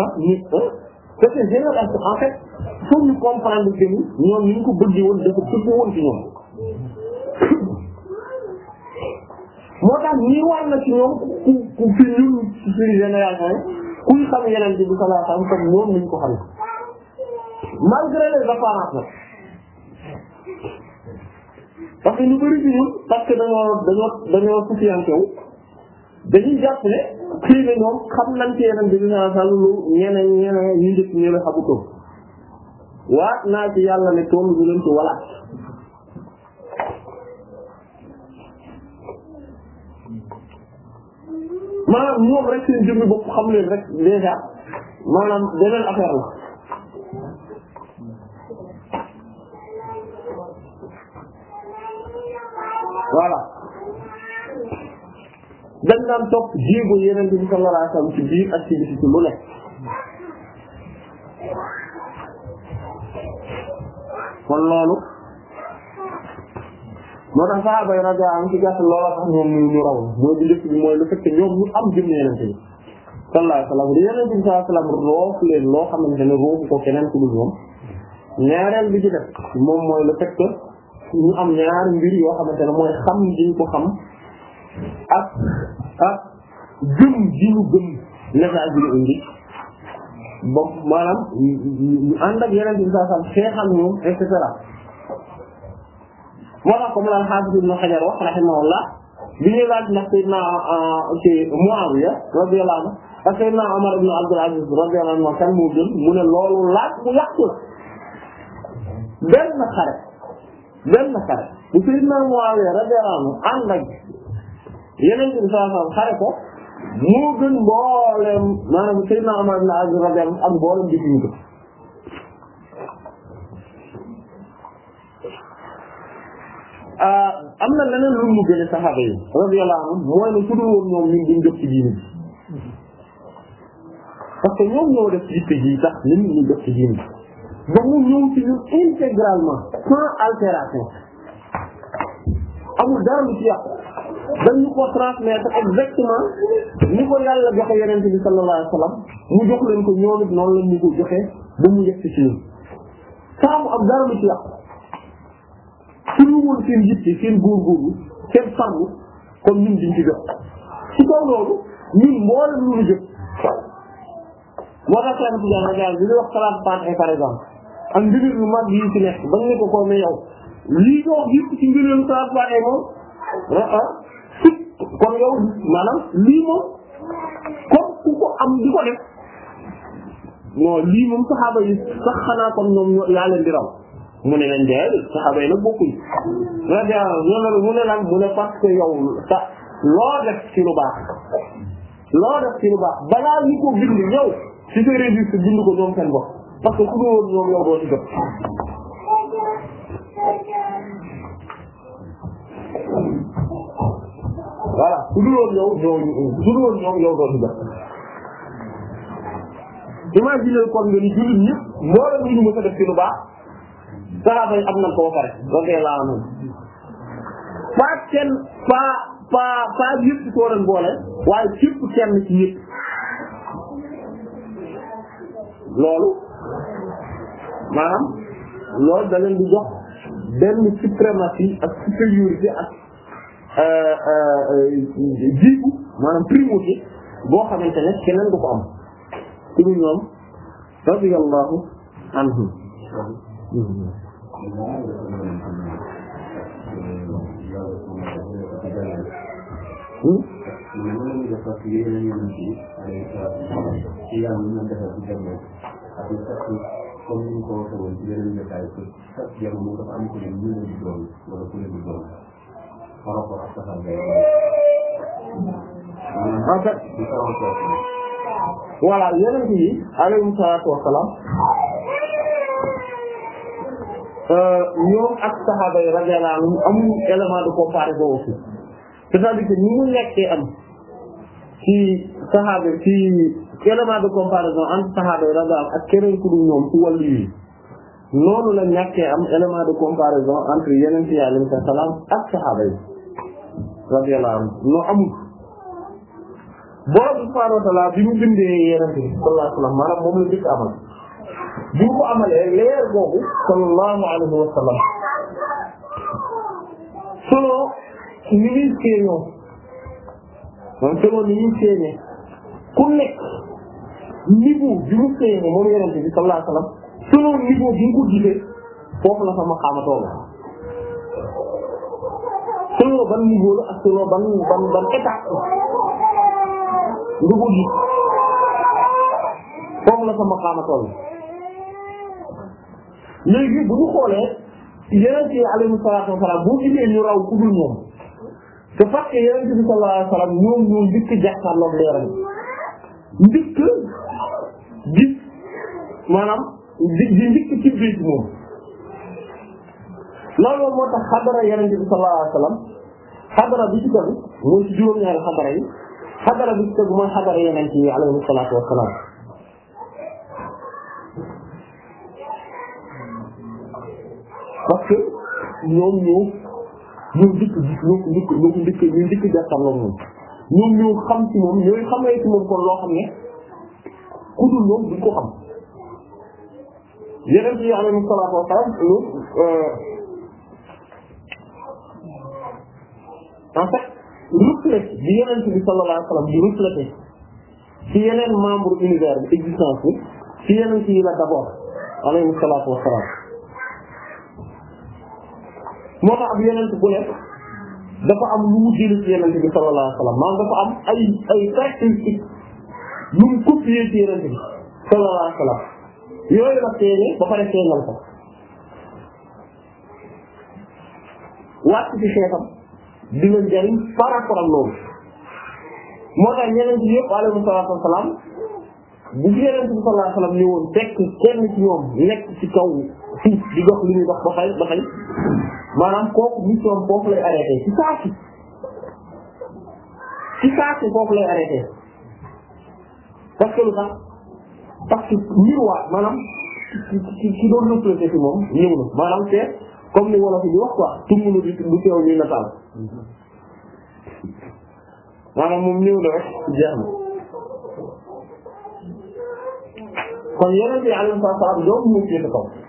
ah nit parce que génération en fait faut ñu comprendre que ni ñoom ni ñu ko bëgg woon dafa dëgg woon ci ñoom moo tax ñii war na ci ñoom ku ku fi ñun suñu génération kuy xam yeneen bi sallallahu alayhi wa sallam comme ñoom niñ ko xam malgré les apparences nag parce que ñu bëri ci ñun parce que dañoo dañoo dañoo suffiante wu dañuy jàpp ne xëy na ñoom xam nañ ci yeneen bi sallallahu alayhi wa sallam lu ñeneen ñeneen ñu njëkk ñu la xamutoon waat naa ci yàlla ne tool du leen ci walaat maanaam ñoom rek seen jëmmi bopp xam leen rek déjà maanaam beneen affaire la voilà dañ daan topp jéego yeneen bi sallallahu alayhi wasallam ci biir ak ci biti ci lu nekk kon loolu moo tax saxaaba yi radiyallahu anhum ci gàttal loola tax ñoom ñu ñu raw mooy bu njëkk mooy le fait ñoom ñu am jëm yeneen bi sallallahu alayhi wa sallam li yeneen bi sallallahu alayhi wa sallam roof leen xamante ne roofu ko keneen ku dul ñoom ñaareel bi ci def moom mooy le fait que ñu am ñaari mbir yoo xamante ne mooy xam gi ñu ko xam ak ak gëm gi ñu gëm message indi ba maanaam ñu ànd ak yeneen bi sallallahu alayhi ñoom et moo tax comme naan xaafis ibnu xajar wax rahimahullah bi ñuy laaj ndax sayyidna euh, ci Muawiya radiyallahu anhu ak sayyidna Umar ibnu Abdul Aziz radiyallahu anhu kan moo gën mu ne loolu laaj bu yàqu la benn xare benn xare bu sayyidna Muawiya radiyallahu anhu ànd ak yeneen bi sallallahu alayhi wasallam xare ko moo gën mbooleem maanaam sayyidna Umar ibnu Abdul Aziz radiyallahu anhu ak mbooleem bi fi ñu Ah, am na leneen lu mu gën a saxaaba yi radiyallahu anhum mooy ne su dul woon ñoom ñun duñ def ci diine bi parce que ñoom ñoo def tax ñun ñu def ci diine bi ba mu ñëw ci ñun intégralement sans altération amul dara lu ci yàqu dañu ko transmettre exactement ni ko yàlla joxe yonent bi sallallahu alayhi mu jox leen ko ñoom it noonu lañ ko joxee ba mu yegg ci ñun saa am dara lu ci yàqu suñu woon seen yitte seen góorgóorlu seen farlu kon ñun diñ ci jot ci kaw loolu ñun mboolem lu ñu jot moo tax seen tijaan ak yàlla bi ñu wax xalaat par ay par exemple ak mbir yu mag yi ci nekk ba nga ne ko koo mais yow lii nga wax yëpp ci mbirum xalaat par ay moom ah ah kon yow maanaam lii moom kon ku ko am di ko def non lii moom saxaaba yi sax xanaa kon ñoom yaa leen di raw mu ne leen déedéet saxaaba yi nag bokkuñu radiyallahu ñu ne mu ne lan mu ne parce que yow sax loo def ci lu baax loo def ci lu baax balaa ñu ko bind ñëw ci sa registre bind ko ñoom seen bopp parce que ku doon ñoom yow doo ci jot. voilà su dul woon yow ñoo su dul kon nga ni jullit ñëpp moo la ñu mën a def ci lu baax. saxaaba yi am nañ ko ba pare radiyallahu anhum pas kenn pas pas pas yëpp koo leen boole waaye képp kenn ci yëpp loolu maanaam loolu da leen jox benn suprématie ak supériorité ak euh, euh, jiitu maanaam primauté boo xamante ne keneen bu ko am ci ñoom radiyallahu anhum comme ni ñu ko waxee woon ci yeneen jotaay ci chaque jamono dafa am ku ne ñu leen di doon wala ku leen di doon par rapport ak saxaar ngay en fait voilà yeneen yi alayhi salaatu wasalaam Euh, ñoom ak saxaaba yi radiyallahu anhum amul élément de comparaison aussi c'est-à-dire que ni am ci saxaaba ci élément de comparaison entre saxaaba yi radiyallahu anhum ak keneen ku dul ñoom ci wàllu yi noonu la nekkee am élément de comparaison entre yeneen ci yàlla alayhi ak saxaaba yi radiyallahu anhum noo amul borom subhaanahu wa ta'aala bi mu bindee yeneen bi moom la jëkk amal bi mu ko amalee leer boobu sallallahu alayhi wa sallam selon ni muy séenoo selon ni muy séenee ku nekk niveau bi mu séenee moom yonent bi sallallahu alayhi wa sallam selon niveau bi nga ko gisee ban niveau la ban ban ban étape nga ko gis foofu la sama xaamatoo léegi bu ñu xoolee yeneen yi alayhi salaatu wa salaam ñu raw ku dul ñoom te parce que yeneen bi sallallahu alayhi wa sallam ñoom ñoo njëkk jàkkaarloog leeram njëkk gis maanaam di ci biir moom loolu moo tax xadara yeneen bi sallallahu alayhi wa sallam bi ci tegu mooy ci juróom-ñaari xadara yi xadara bi ci tegu mooy xadara yeneen yi alayhi salaatu salaam parce que ñoom ñoo ñoo dikk ñoo ko dikk ñoo dikk ñoo dikk jàkkaarloo moom ñoom ñoo xam ci moom ñooy xamee ci moom kon loo xam ne ku dul ñoom duñ ko xam yeneen ci alayhi salaatu wa salaam lu euh, en bi yeneen bi ci yeneen membre univers bi existence bi ci yeneen ci yi la d'abord alayhi salaatu wa salaam moo tax ab yonent bu nekk dafa am lu mu jëlee ci yonent bi sallallahu alayhi wa sallam dafa am ay ay caractéristiques lu mu copier ci yonent bi sallallahu alayhi wa yooyu la feeñee ba pare feeñal ko wàcc ci xeetam di leen jariñ par rapport ak loolu moo tax ñeneen ci yëpp alayhi salaam bu fi yeneen bi sallallahu alayhi wa sallam ñëwoon fekk kenn ci ñoom nekk ci kaw suuf di dox li ñuy dox ba fay ba fay maanaam kook mission foofu lay arrêté ci saa si ci saa si foofu lay arrêté parce que lu tax parce que miroir maanaam ci ci moom ñëw na maanaam ni wolof yi wax quoi tumbulu bi du teew ñuy nataal maanaam moom ñëw na rek jeex kon yeneen bi àll ba saa saa doom mu féete kaw.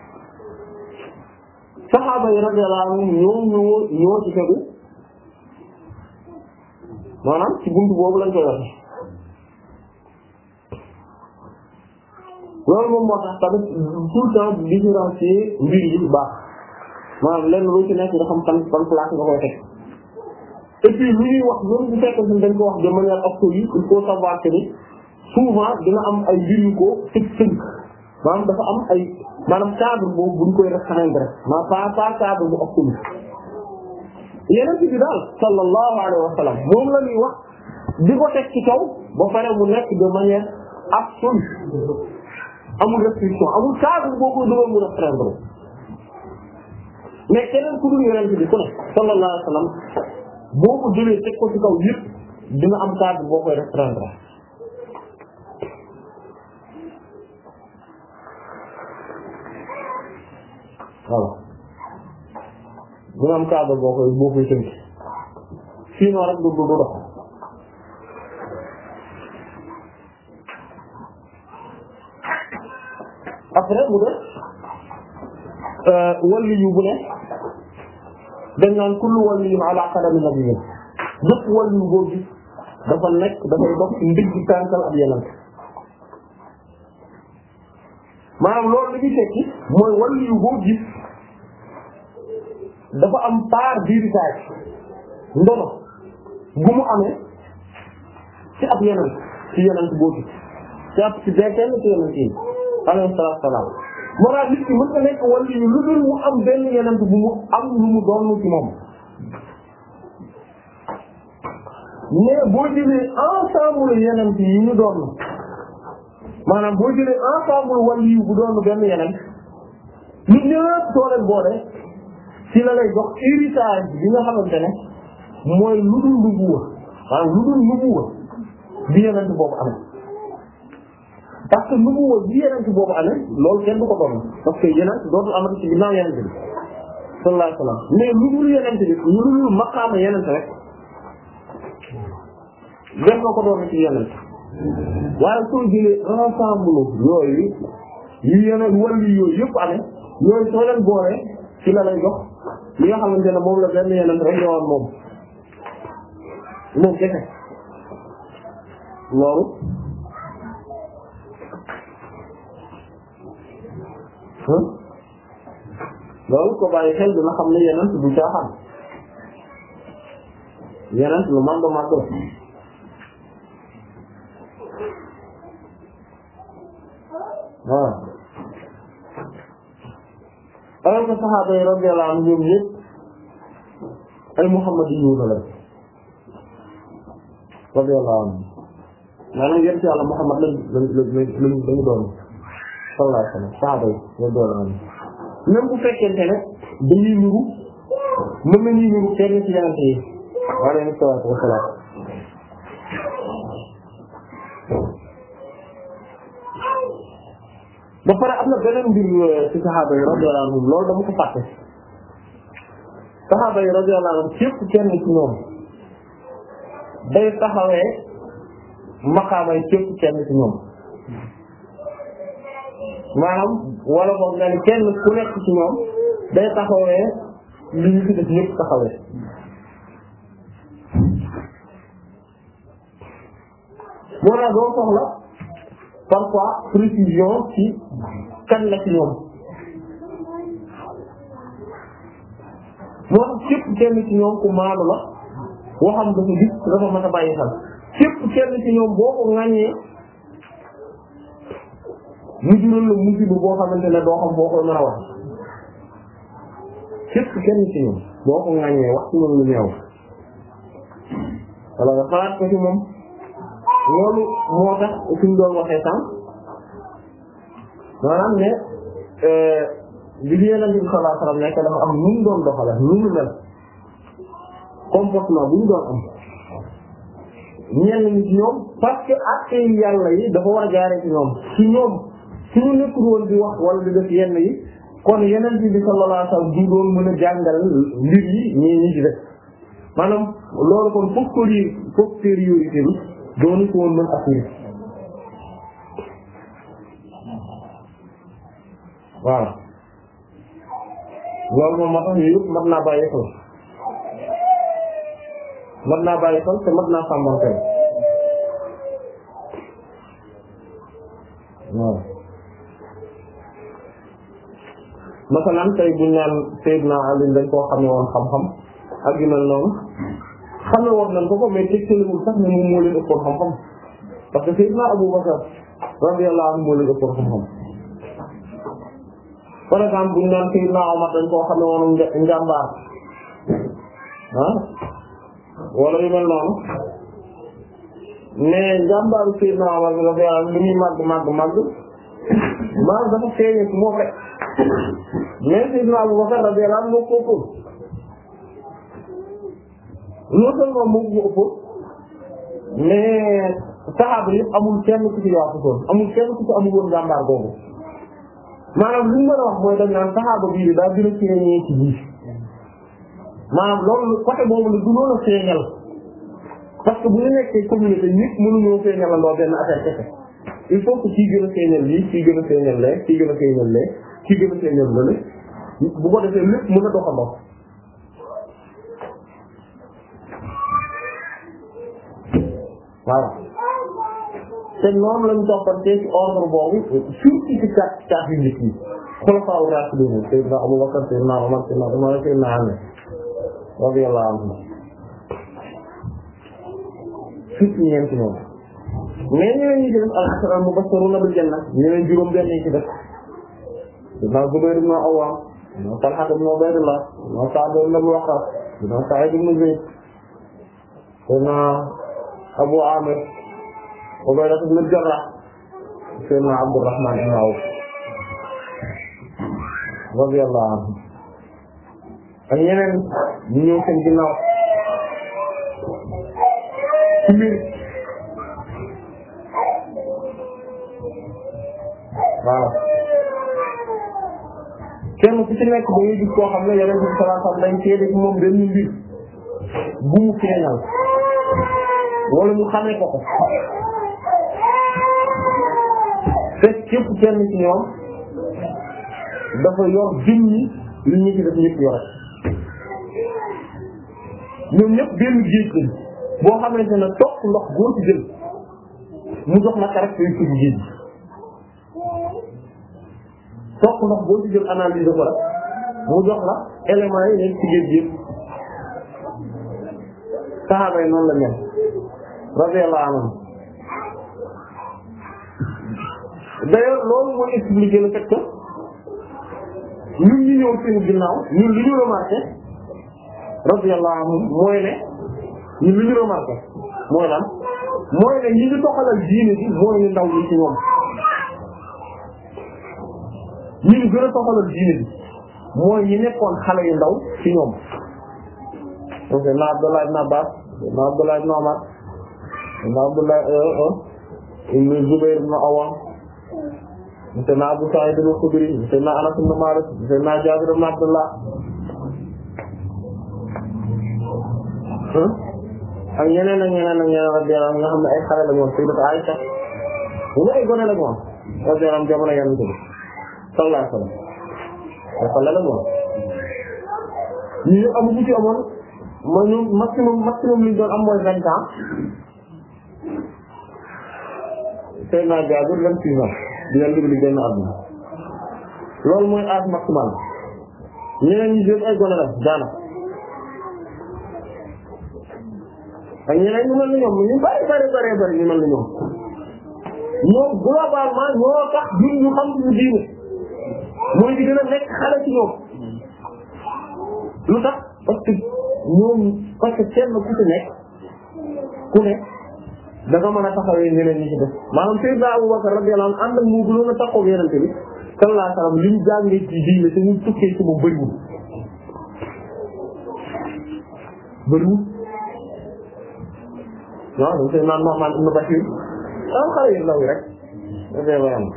saxaaba yi radiyallahu anhum ñoo ñoo ñoo ci tegu maanaam ci buntu boobu lañ koy waxe loolu moom moo tax tamit tout temps différencier mbir yi baax maanaam lenn lu ci nekk nga xam tamit ban place nga koy teg lu ñuy wax loolu bu fekkee suñ dañ wax de manière absolue il faut savoir que ni souvent dina am ay mbir ko tëg tënk maanaam dafa am ay maanaam cadre boobu buñ koy restreindre ma pas pas cadre bu absolu yeneen ci bi daal sallallahu alayhi wa sallam moom la ñuy wax di ko teg ci kaw ba pare mu nekk de manière absolue amul restriction amul cadre boo koy dugal ku dul yeneen ci bi ku ne sallallahu alayhi wa sallam boo ko jëlee teg ko ci kaw yëpp dina am cadre boo koy restreindre voilà dina am kaaba boo koy boo koy tënk sinon rek du du dox après mu def euh, wàllu yu bu ne dañ naan kullu waliyyun ala qadami nabiyyin bépp wàllu boo gis dafa nekk dafay dox ndig tànkal ab yeneen maanaam loolu li ñu mooy wàllu yu boo gis dafa am part d'héritage ndono gu mu amee ci ab yeneen ci yeneen boo gis ci ab ci benn ci yeneen yi alayhi salaatu salaam moo tax nit nga nekk wàllu yu lu dul mu am benn yeneen bu mu am lu mu doon ci moom mais boo jëlee ensemble yeneen yi ñu doon. maanaam boo jëlee ensemble wàllu bu doon benn yeneen ñu ñëpp soo leen boole ci la lay jox héritage bi nga xamante ne mooy lu dul nubuwa maanaam lu dul nubuwa bi yeneen ci boobu amee parce que nubuwa bi yeneen ci boobu amee loolu kenn du ko doon parce que yeneen dootul amati ci ginnaaw yeneen bi sallallahu alayhi wa sallam mais lu dul yeneen bi lu dul maqaama yeneen rek def nga ko doon ci yeneen waaye soo jëlee ensemble yooyu yi yeneen wàllu yooyu yëpp amee yooyu soo leen boolee la lay jox li nga xamante ne moom la benn yeneen rek yowoon moom moom kese loolu loolu ko bàyyi xel dina xam ne yeneen du caaxaan yeneen lu voilà alors que saxaaba yi radiyallahu anhum ñoom ñëpp ay muhammadiyuuna la radiyallahu anhum maanaam yéen ci yàlla muhammad lañ lañ lañ lañ lañ doon sallallahu alayhi wa sallam saxaaba yi radiyallahu anhum même bu fekkente ne dañuy nuru mën nañuy nuru kenn ci yonent yi alayhi salaatu wa salaam ba pare am na beneen mbir euh, ci saxaaba yi radiyallahu dama ko fàtte saxaaba yi radiyallahu anhum képp kenn ci ñoom day taxawee maqaamay képp kenn ci ñoom maanaam wala boog nga kenn ku nekk ci day taxawee li ñu ci def ñëpp taxawee moo tax doo parfois précision ci kan la ci ñoom moo ci ñoom ku maanu la waxam dafa gis dafa mën a bàyyi xel képp ci ñoom boo ko ŋàññee mu jural la musiba boo xamante ne doo xam boo mën a wax képp kenn ci ñoom boo ko ŋàññee wax ci moom lu ñaaw wala nga xalaat ko ci moom loolu moo tax suñ doon waxee sànq maanaam ne li euh, li yonent bi sallallahu alayhi wasallam nekk dafa am nu mu doon doxale nu mu mel comportement bu ñu doon am ñenn ñi ci ñoom parce que actes yi yàlla yi dafa war a jaaree ci ñoom ci ñoom suñu nekkul woon di wax wala di def yenn yi kon yonent bi sallallahu alayhi wasallam du doon mën a jàngal mbir yi ñii ñi ci def maanaam loolu kon foofu doonu ko woon mën ak nit waaw loolu moom moo tax yooyu mat naa bàyyi xel mat naa bàyyi xel te mat naa sàmmante waaw masalan tey bu ñu naan Seydina Ali dañ koo xamee woon xam-xam ak yu mel noonu xamee ne moom moo leen ëppoon xam-xam parce que Seydina Abu Bakar radiyallahu anhu moo leen ëppoon xam-xam par exemple buñu naan Seydina Omar dañ koo xamee woon njàmbaar ah wala yu mel noonu mais njàmbaaru Seydina Omar bi dafa yàlla li muy màgg màgg màgg maanaam dafa feeñee ci moom rek mais Seydina Abu Bakar radiyallahu anhu moo ko non seulement moom moo ëppoon mais saxaaba yëpp amul kenn ku ci yaafutoon amul kenn ku ci amul woon jàmbaar googu maanaam li mu mën a wax mooy dañ naan saxaaba bii bi daa gën a feeñee ci bii maanaam loolu côté boobu la gënoon a feeñal parce que bu ñu nekkee communauté ñëpp mënuñoo feeñalandoo benn affaire kese il faut que kii gën a feeñal lii kii gën a feeñal lee kii gën a feeñal lee kii gën a feeñal lële bu ko defee lépp mën a doxandoo voilà te ñoom lañ toppantee ci ordre boobu surtout ci kat kat yu nit yi xulafaa raashidun sayyidina Abu Bakr sayyidina Umar sayyidina Usmaan sayyidina Ali radiyallahu anhum surtout ñeent ñoom mais ñeneen ñi ci def al-ashara al-mubashsharuna bil janna ñeneen juróom benn yi ci def sayyidina Zubayr ibn Awwam sayyidina Talha ibn Ubaydillah sayyidina Sa'd ibn Abi Waqqas sayyidina Sa'id ibn Zayd sayyidina Abu Amir Ubayda ibn al-Jarrah Sayyidina Abdurrahman ibn Awf radiyallahu anhu ak ñeneen ñu ñëw seen ginnaaw ci biir waaw kenn ku ci nekk da ngay gis koo xam yeneen bi sallallahu alayhi wa sallam dañ seede ci moom benn mbir wala ñu xamee ko ko fekk képp kenn ci ñoom dafa yor junni li ñu ci boo xamante ne toq ndox góor ci mu jox la caractéristique bu géej toog ndox boo ci jël analyse ko la mu jox la éléments yi nekk ci géej yëpp saxaaba la mel radiyallahu anhu d'ailleurs loolu mooy expliquer le fait que ñun ñu ñëw seen ginnaaw ñun li ñu remarqué radiyallahu anhu ne ñun li ñu remarqué mooy lan mooy ne ñi ñu doxalal diine bi mooy ñu ndaw ñi ci ñoom ñi ñu gën a doxalal diine bi mooy ñi nekkoon xale yu ndaw ci ñoom. donc na Abdullah ibn Abbas na Abdullah ibn Abdullah eh, eh, eh, ibn Zubayr ibn Awwam sayyidina Abu Sa'id al-Khudri sayyidina Anas ibn Malik sayyidina Jabir ibn Abdullah hmm? ak ñeneen ak ñeneen ak ñeneen radiyallahu anhum nga xam ne ay xale la ñu woon sayyidatu Aisha ñu ay gone la ñu woon radiyallahu anhum jamono Yonent bi sallallahu alayhi wa sallam ay xale la ñu woon ñu am bu ci amoon ma ñu maximum maximum li ñu doon am mooy vingt ans Seydina Jaabir vingt six ans di leen dugg di génn àdduna loolu mooy âge maximal ñeneen ñi jël ay gone la daanaka ak ñeneen ñu ni ñoom ñu bari bari bari bari ñu mel ni ñoom ñoom globalement ñoo tax jur ñu xam ñu diine mooy di gën a nekk xale ci ñoom lu tax parce que ñoom ku ci nekk ku nekk da nga mën a taxawee ñeneen ñi ci def maanaam Seydina Abubakar radiyallahu anhu ànd ak mu gënoon a taxaw Yonent bi sallallahu alayhi wa sallam li mu jàngee ci diine te mu tukkee ci moom bëriwul bëriwul waaw dañ koy naan Nu'man ibn Bashir am xale yu ndaw yi rek dafay waram am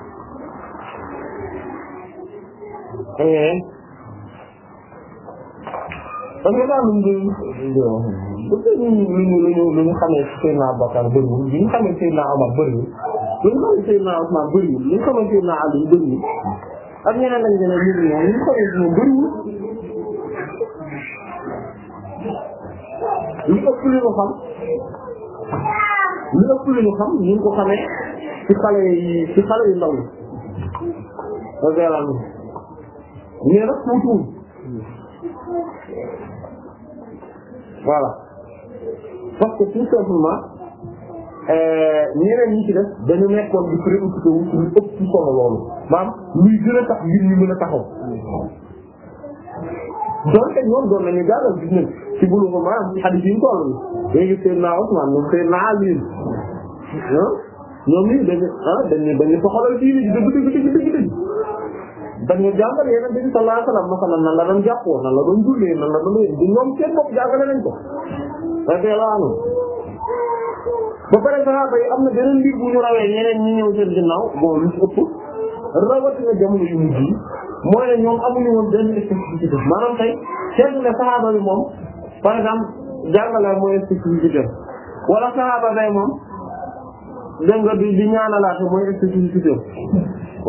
ñeneen eh. parce que daa bëgg nañu lu ñu lu ñu lu ñu xamee Seydina Abubakar bëriwul li ñu xamee Seydina Omar bëriwul li ñu xamee Seydina Ousmane bëriwul li ñu xamee Seydina Ali bëriwul ak ñeneen ak ñeneen ñu ngi ñoom ñu xamee ñoom bëriwul. li ëpp li ñu xam li ëpp li ñu xam ñu ngi ko xamee ci xale yi ci xale yu ndaw yi. radiyallahu anhu. voilà. parce que tout simplement euh, ñeneen ñi ci def dañu nekkoon di préoccupé wu ci lu ëpp ci solo loolu maanaam luy gën a tax mbir ñu mën a taxaw donte ñoom doon nañu gàllal gis nañ ci bulu ko maanaam ci xadis yi ñu toll bi léegi Seydina Ousmane ñoom Seydina Ali ñoom ñi ah dañu dañu soxalal fii nii dëgg dëgg dëgg dëgg dëgg dañu jàngal yeneen bi sallallahu alayhi wasallam nan la doon jàppoo nan doon jullee nan doon di ñoom seen bopp jàngale nañ ko radiyallahu anhu ba pare saxaaba yi am na beneen mbir la ñu rawee ñeneen ñi ñëw seen ginnaaw bon lu ci ëpp rawatina jamono yu mujj yi mooy ne ñoom amuñu woon benn spécificité maanaam tey seetlu ne saxaaba bi moom par exemple jàngale mooy spécificité wala saxaaba day moom dégg nga di di ñaanalaate mooy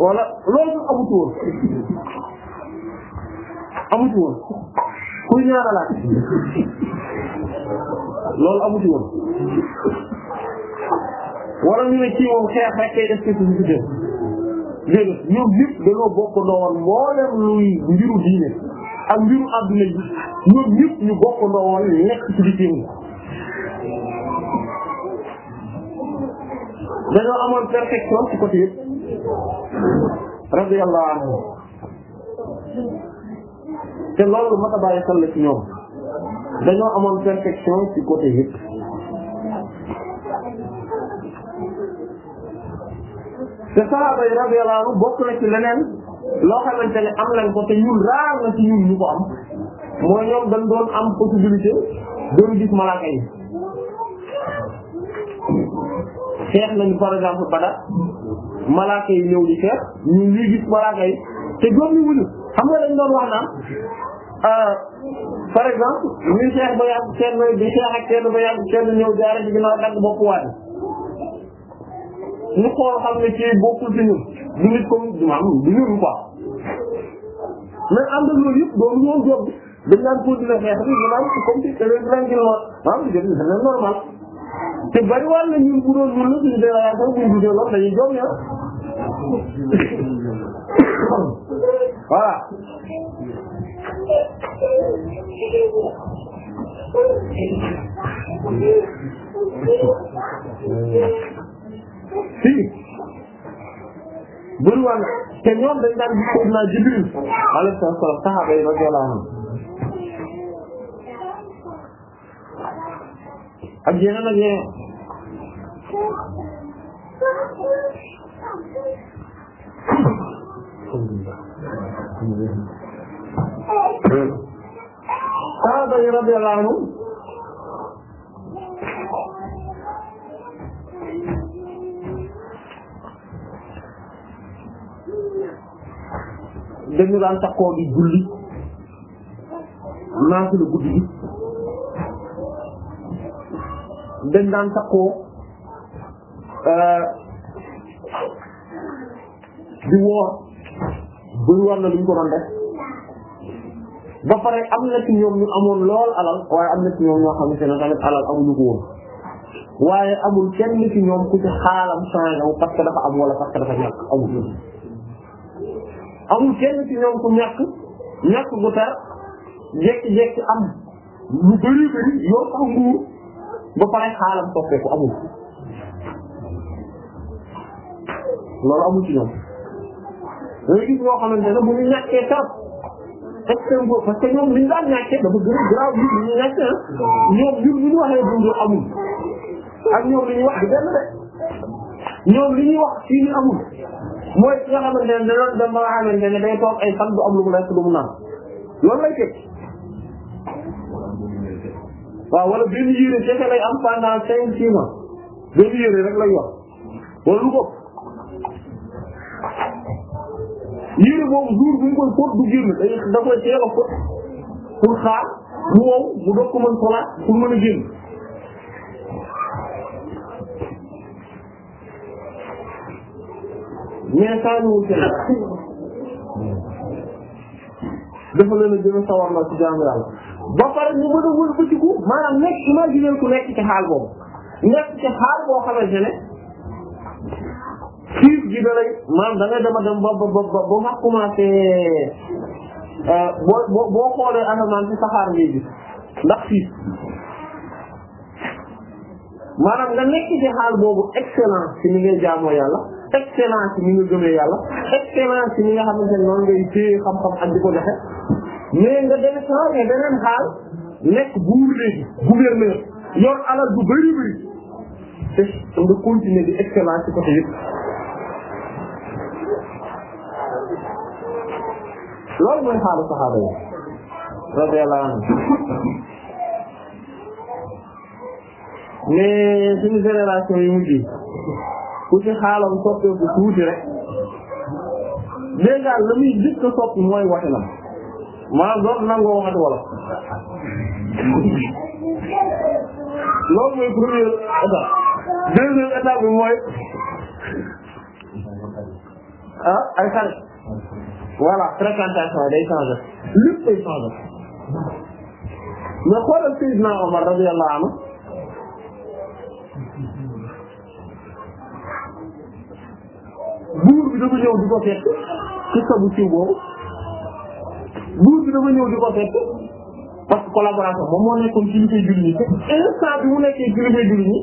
wala loolu sax amutu woon amutu woon kuy loolu amu ci woon wala ñu ne ci moom xeex rek kay spécificité léegi ñoom ñëpp dañoo bokk ndowoon mboolem luy mbiru diine ak mbiru adduna yi ñoom ñëpp ñu bokk ndowoon nekk ci di téemu dañoo amoon perfection ci côté yëpp radiyallahu anhu te loolu mat a bàyyi xel la ci dañoo amoon perfection ci côté yëpp te sahaaba yi radiyallahu anhu bokk na ci leneen loo xamante ne am lañ ko te ñun raar na ci ñun ko am mooy ñoom dañ doon am possibilité doon gis malaaka yi xeex nañu par exemple Badar malaaka yi ñëw di xeex ñun ñuy gis malaaka yi te doon ñu wuñu Ah, par exemple ñu seex ba yàgg kenn di seex ak kenn ba yàgg kenn ñëw jaaree ci ginnaaw dagg bopp waate ñu xool xam ne ci bokkul ci ñun du nit comme du maanaam du ñun quoi mais ànd ak loolu yëpp doon ñoom jóg dañ na c'est normal te bariwaan na ñun bu doon ñun la suñu délégation bu ñu gisee loolu dañuy jóg ñaar voilà. si bëri waa te ñoom dañ daan gis Seydina Jibril alayhi salaam saxaaba yi radiyallahu anhu ak yeneen ak yeneen alhamdulillah saxaaba yi radiyallaahu anhum dañu daan takkoo di julli naafila guddi gi dañ daan takkoo euh, di woor buñu war na luñ ko doon de ba pare am na ci ñoom ñu amoon lool alal waaye am na ci ñoom ñoo xamante ne tamit alal amuñu ko woon waaye amul kenn ci ñoom ku ci xaalam changé wu parce que dafa am wala parce que amul amul kenn ci ñoom ku ñàkk ñàkk bu tar jékki-jékki am lu bari bari yor sax nguur ba pare xaalam soppeeku amul loolu amul ci ñoom léegi ñoo xamante ne bu ñu ñàkkee tar extrême boobu parce que ñoom li ñu daan ñàkkee dafa gën a grave bi ñu ñàkkee ah ñoom ñun li ñu waxee dund amul ak ñoom li ñuy wax du benn de ñoom li ñuy wax fii ni amul mooy ki nga xamante ne danoon dem ba nga xamante ne day toog ay fan du am lu mu lekk lu mu naan loolu lay teg waaw wala benn yére kese lay am pendant cinq six mois benn yére rek lay wax wala lu ko yére boobu jour bi mu koy fóot du génn day da koy teel a fóot pour xaar mu wow mu doog ko mën solaat pour saa ñu wute nag dafa leen a gën a sawar la ci jaamu yàlla ba pare ñu mën a wër bëccëgu maanaam ku nekk ci xaal boobu nekk ci xaal boo xamante ne. xiif gi da lay maanaam da ngay dema ba ba ba ba ma commencé euh, boo boo boo xoolee asamaan si saxaar ngay gis ndax xiif maanaam nga nekk ci xaal boobu excellence ci ni ngay jaamoo yàlla excellence ci ni nga gëmee yàlla excellence ci ni nga xamante ne noonu ngay téye xam-xam ak di ko defe mais nga deme changé beneen xaal nekk buur léegi gouverneur alal bu bëri bëri te nga continuer di excellence ci côté yëpp loolu mooy xaalu saxaaba yi radiyallahu anhu mais suñu génération yi mujj ku ci xaalam soppeeku tuuti rek dèjà la muy gis ko soppi mooy waxinam maanaam doon nangoo waxati wala loolu mooy première étape deuxième étape bi mooy ah ay xarit voilà fréquentation day changé lépp day changé mais xoolal Seydina Omar radiyallahu anhu buur bi dafa ñëw di ko fekk ci sabu siiw boobu buur bi dafa ñëw di ko fekk parce que collaboration moom koy julli ñi te instant bi mu nekkee ci li koy julli ñi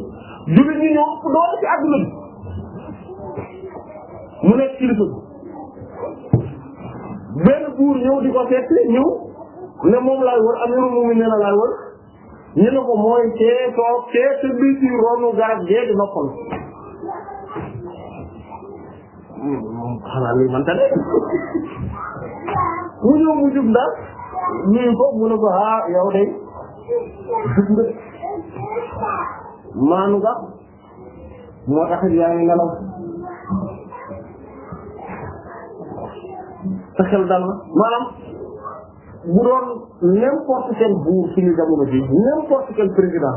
julli ñi ñoo ëpp doole ci àdduna bi benn buur ñëw di ko seet ñëw ne moom laay wër am moom mi nee na laay wër ko mooy kee toog kee te bi ci ronu garab gee di noppal hmm, moom xanaa lii man tamit mu ñëw mu jub ndax nuyu ko mu ne ko ah yow de jub nga sa xel dal na maanaam bu doon n'importe quel buur suñu jamono ji n'importe quel président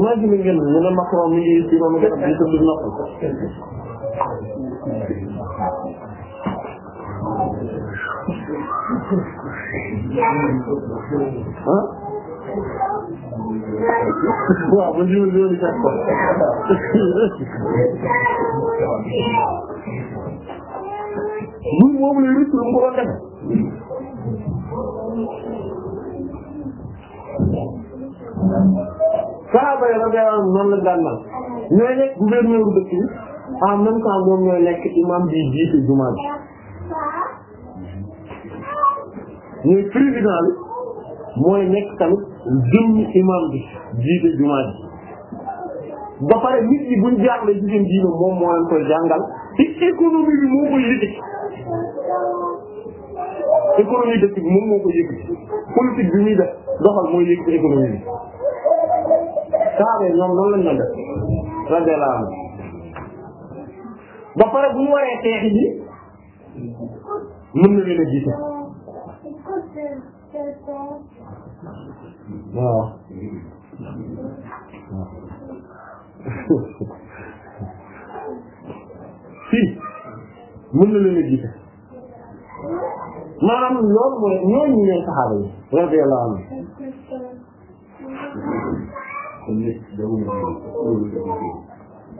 imagine ngeen mu ne Macron mi ngi ci doon garab bi tëdd nopp ñun moom lay rëcc mu ko doon defe saxaaba yi radiyallahu anhum noonu la daan naan ñooy nekk gouverneur bu dëkk bi en moom ñooy nekk imam bi jiite jumaa bi ñooy président mooy nekk tamit jëmmi imam bi jiite jumaa bi ba pare nit ñi buñ jaaxle ci seen diine moom moo leen koy jàngal ci bi moo koy liggéey économie dëkk bi moom moo ko yëkkati politique bi muy doxal mooy yëkkati économie bi saabee ñoom noonu lañ doon def radiyallahu anhu ba pare bu ñu waree xeex yi mën a si mën na leen maanaam loolu mooy ñooñu ñooy saxaaba yi radiyallahu anhu kon nit dama ñu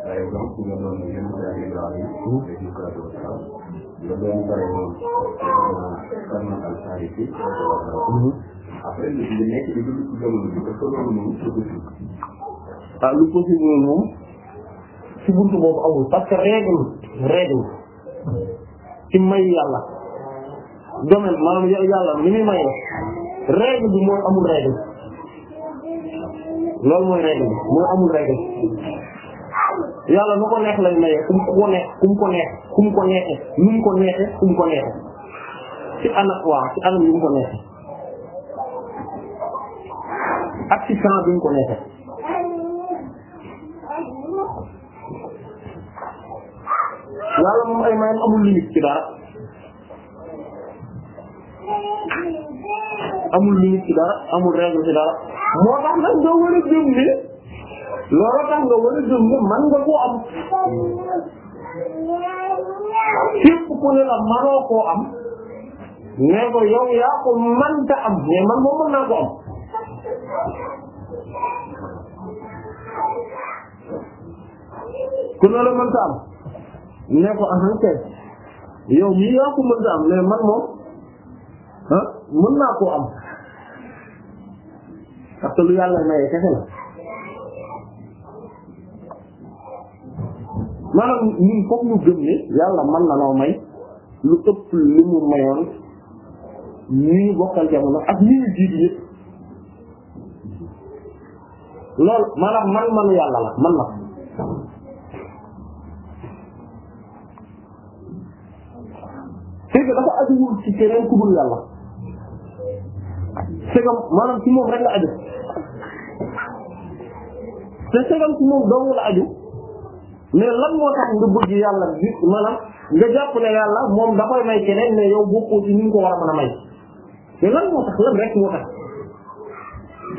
par exemple nga hmm? doon yéen saa yi daal yi. dañuy faral di waxtaan. nga doon pare moom karma al tariqi hmm? après li nekk di dugg ci jamono bi parce que loolu moom c'est possible. ah lu possible loolu moom ci buntu boobu amul parce que règle règle ci may yàlla. domaine maanaam yàlla ni muy mayee règle bi mooy amul règle loolu mooy règle mooy amul règle yàlla nu ko neex lay mayee kum ko neex kum ko neex kum ko neexe nu ko neexe kum ko neexe ci ana waaw ci anam yu mu ko neexe ak ci temps ko neexe yàlla moom ay mayam amul limite ci dara amul limite ci dara amul règle ci dara moo tax nag nga war a jëm ni loolu tax nga war a jëm ni man nga am képp ku la manoo koo am ne ko yow yaa ko mënta am mais man moom mën naa ko la mënta am ne ko ahan kay yow mii yaa ko mënta am mais man moom ah mën naa koo am parce que lu yàlla maye kese la maanaam na noo may lu ëpp li mu mayoon ñu bokkal jamono ak ñu ñu jiitu yëpp loolu maanaam man manu yàlla la man la c'est que dafa ajuwul ci keneen ku dul yàlla segam maanaam ci moom la aju te segam ci la aju mais lan moo tax nga bëgg yàlla bi maanaam nga jàpp moom da may keneen mais yow bokkoo ci ñu ko war a mën may te lan moo tax lan rek moo tax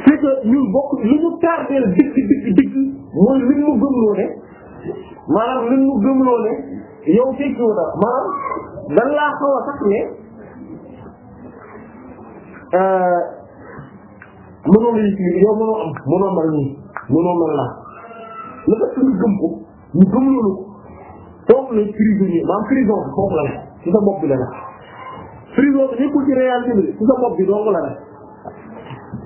c'est que ñun bokk li ñu tardeel dëgg dëgg dëgg mooy li mu gëmloo ne maanaam li mu gëmloo ne yow tekkiwu dara maanaam dan laa xaw a ne Euh, mënoo réussir yow mënoo am mënoo mel nii mënoo mel naa la ko suñu gëm ko ñu gëm loolu foofu la prisonnier maanaam prison bi foofu la ne ci sa bopp bi la ne prison bi nekkul ci réalité bi ci sa bopp bi dong la ne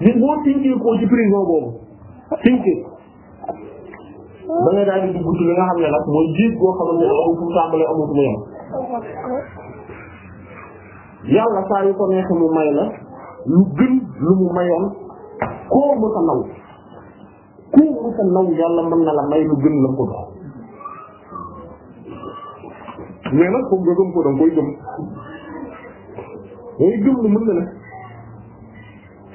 ñun boo tinkee koo ci prison boobu tinkee ba ngay daal di dugg ci li nga xam ne nag mooy jiit boo xamante ne amul fu mu tàmbalee amul fu mu yem yàlla saa yu ko neex mu may la lu gën lu mu mayoon koo mës a naw koo mës a naw yàlla na la may lu gën la ko dox mais nag foog nga ko danga koy gëm dangay gëm lu mën na ne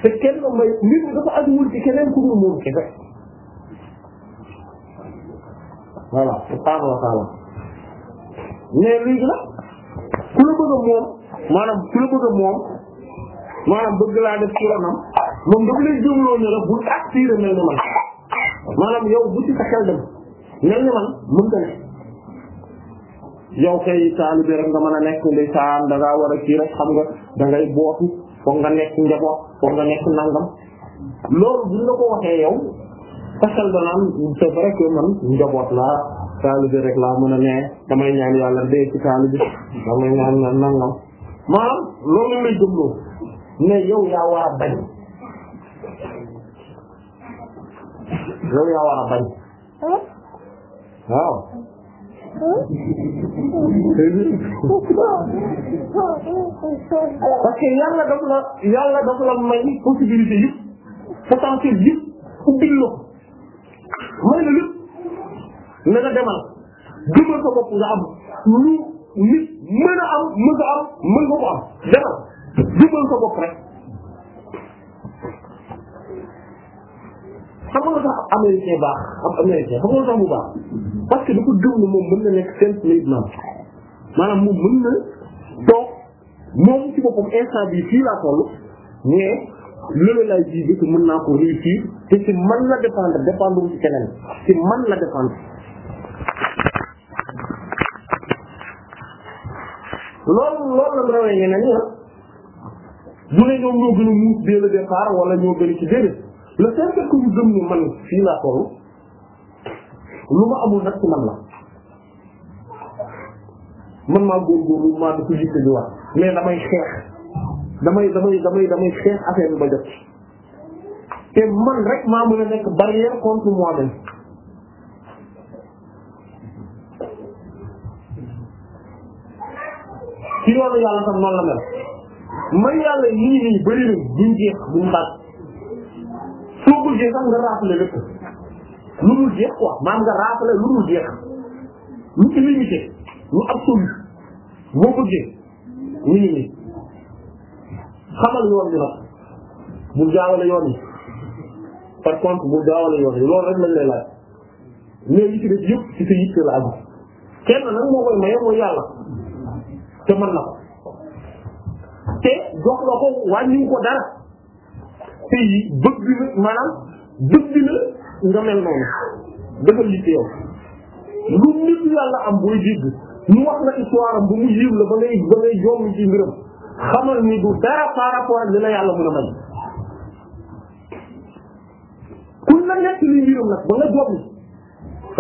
te kenn may nit ñi dafa ajuwul ci keneen ku dul moom kese voilà subhaanahu wa taala mais léegi nag la bëgg a moom maanaam ku la bëgg a maanaam bëgg laa def ci ronam moom daf lay jëmloo dem mel ni man mën nga ne yow kay taalibe rek nga mën a nekk ndeysaan da ngaa war a kii rek xam nga da ngay bootu foog nga nekk njaboot foog nga nekk nangam loolu buñ la ko waxee yow sa xel danaan c'est vrai que man njaboot laa taalibe rek laa mën a ne damay ñaan yàlla dee ci taalibe damay ñaan nangam maanaam loolu lay jëmloo ne yow yaa war a yow yaa war a bañ waaw parce que yàlla daf la yàlla daf may possibilité yëpp potentiel demal gëmal sa bopp nga lu nit mën a am mën nga am mën demal jubal sa bopp rek xam nga tax baax am américain xam baax parce que dafa gëm ne moom na nekk seen slave man maanaam moom mën na toog moom ci boppam instant bi fii laa toll mais loolu laay ji bi mën naa ko réussir te ci man la dépendre dépendre ci keneen ci man la dépendre loolu loolu la rawee ñeneen ñi ah. ñu ne ñoom ñoo gën a muus dès le départ ñoo gën ci déedéet le fait que ñu gëm ne man fii laa toll lu ma amul nag ci man la man maa góorgóorlu maa def yitte bi wax mais damay xeex damay damay damay xeex affaire bi ba jot te man rek maa mën a nekk barrière contre moi ci yoonu yàlla sax noonu la mel may yàlla yii nii bëri na duñ jeex duñ mbaat soo bëggee sax nga raafale lépp lu dul jeex quoi maam nga raafale lu dul jeex lu illimité lu absolu boo bëggee ñu ngi nii xamal yoon bi nag bu jaawale yoon yi par contre bu jaawale yoon yi loolu rek lañ lay laaj léegi ci def yëpp ci sa yitte la am kenn nag moo koy maye mooy yàlla te mën na ko te jox la ko wàññiw ko dara te bëgg na maanaam bëgg na nga mel noonu dafa liggéey yow lu nit yàlla am booy dégg ñu wax la histoire am ba mu yiw la ba ngay ba ngay joom ci mbiram xamal ni du dara par rapport ak li la yàlla mën a may kuñ la nekk li mbiram nag ba nga joom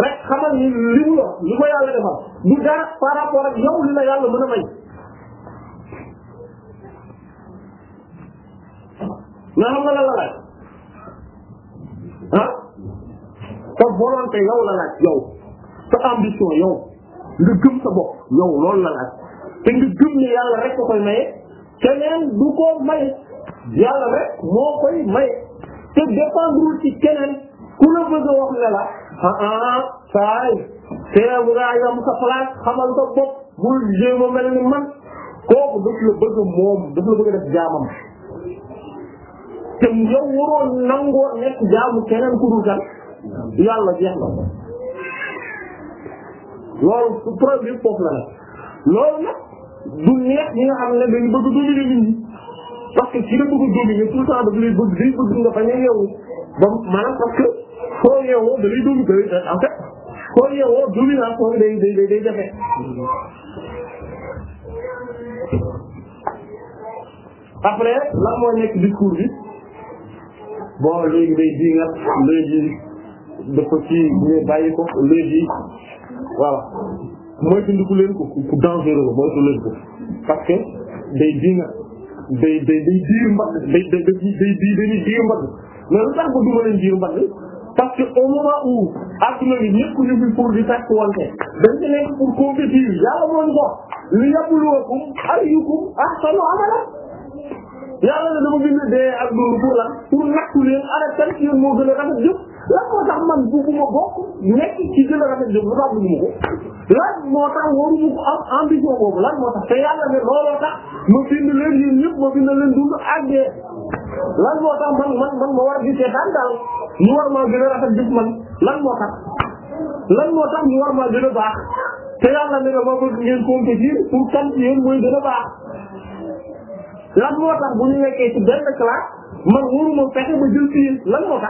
rek xamal ni li mu li ko yàlla defal du dara par rapport li la yàlla mën a may nga xam nga la la laaj ah sa volonté yow la laaj yow sa ambition yow nga gëm sa bopp yow loolu la laaj te nga gëm ne yàlla rek ko koy maye keneen du ko maye yàlla rek moo koy maye te dépendre ci keneen ku la bëgg a wax ne la ah ah saa yi teel nga yam sa place xamal sa bopp bul jéem a mel ni man kooku daf la bëgg moom daf la bëgg def jaamam. te yow waroon nangoo nekk jaamu keneen ku dul kan yàlla jeex na loolu problème foofu la nag loolu nag du neex ñi nga xam ne dañu bëgg dominer nit ñi parce que ci la bëgg dominer tout le temps daf lay bëgg day bëgg nga bañ a yeewu ba maanaam parce que soo yeewoo da lay dominer en fait soo yeewoo domination day day day jafe après lan moo nekk discours bi bon léegi day ji nga léegi dafa ci ñu bàyyi ko léegi voilà moytandiku leen ko ku dangereux la moytu leen ko parce que day ji nga day day day diir mbagg day day day day day diir mbagg mais lu tax ko duma leen diir mbagg parce que au moment où adduna bi ñëpp ñu ngi pour di takk wante dañ ci nekk pour compétir yàlla mooñ ko li yabluwakum ayyukum ahsanu amala yàlla ne dama bind dee ak dund pour lan pour nattu leen arrêté kan ci yéen moo gën a rafet jëf lan moo tax man bugguma bokk nekk ci gën a rafet jëf lu tax bugguma ko lan moo tax waruma ko am ambition boobu lan moo tax te yàlla ne looloo tax ma bind leen yéen ñëpp ma bind leen dund ak dee lan moo tax man man man ma war a gisee daan daal ñu war maa gën a rafet jëf man lan moo tax lan moo tax ñu war maa gën a baax te yàlla ne la ma bëgg ngeen compétir pour kan ci yéen mooy gën a baax lan moo tax bu ñu nekkee ci benn man waruma ba jël lan moo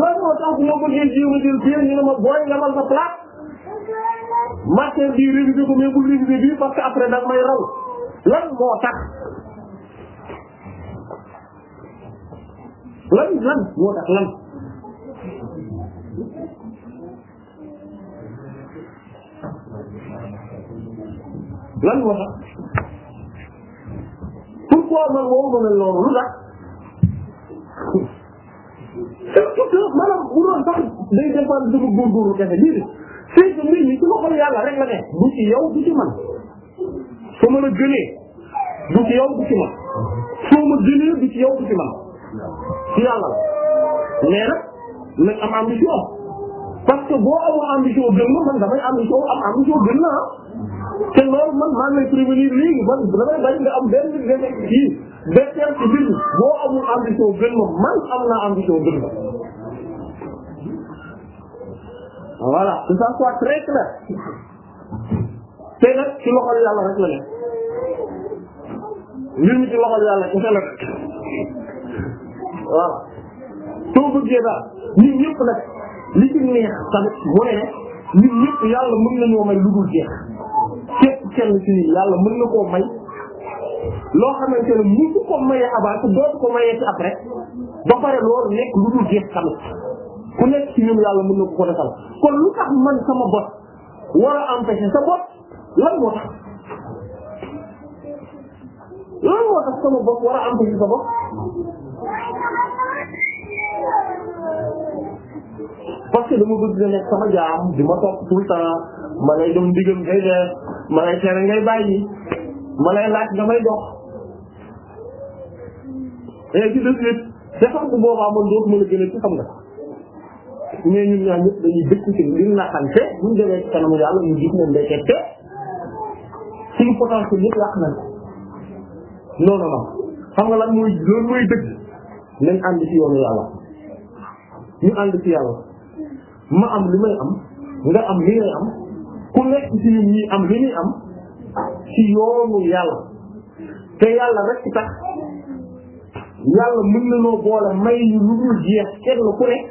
lan moo tax bu ma ma jël pied ñu ne ma booy nga sa place matière bii révisé ko mais bu révisé bii parce que après da may raw lan moo lan lan moo lan lan moo pourquoi man moom ma mel noonu lu tax surtout que maanaam bu doon sax day dépendre dugub góorgóorlu kese lii de c'est que mbir la ne du ci yow du ci man su ma la gënee soo ma gënee du ci yow du ci la mais nag am ambition parce que boo amoo ambition gën man damay ambition am la te loolu man maa ngi lay prévenir man damay bañ nga am benn benn kii betteel ci biir boo amul ambition gën ma man am naa ambition gën ma voilà que ça soit très clair te nag ci loxol yàlla mi ci loxol yàlla ci xel rek voilà soo bëggee daal nit ñëpp nag li ci neex tamit mu ne nit képp kenn ci yàlla mën na koo may loo xamante ne musu ko mayee avant dootu ko mayee ci après ba pare loolu nekk lu dul jeex tamit ku nekk ci ñun yàlla mën na ko ko defal kon lu tax man sama bot war a empêcher sa bot sa bot parce que dama bëgg na nekk sama jaam di ma topp tout temps ma lay dem digal ngay def ma lay tere ngay bàyyi nga may dox ainsi de suite defar bu boobaa man dootu mën a gën a ci xam nga mais ñun ñaa ñëpp dañuy dëkk ci ngir naxante bu ñu demee ci kanamu yàlla ñu gis ne ndekete suñu potentiel yëpp yàq nañ ko non non non xam nga lan mooy loolu mooy dëgg nañ ànd ci yoonu am li may am nga am li ngay am ku nekk ci ñun ñii am li ñuy am ci yoonu yàlla te yàlla rek ci tax yàlla mën na noo boole may ñu lu dul jeex kenn ku nekk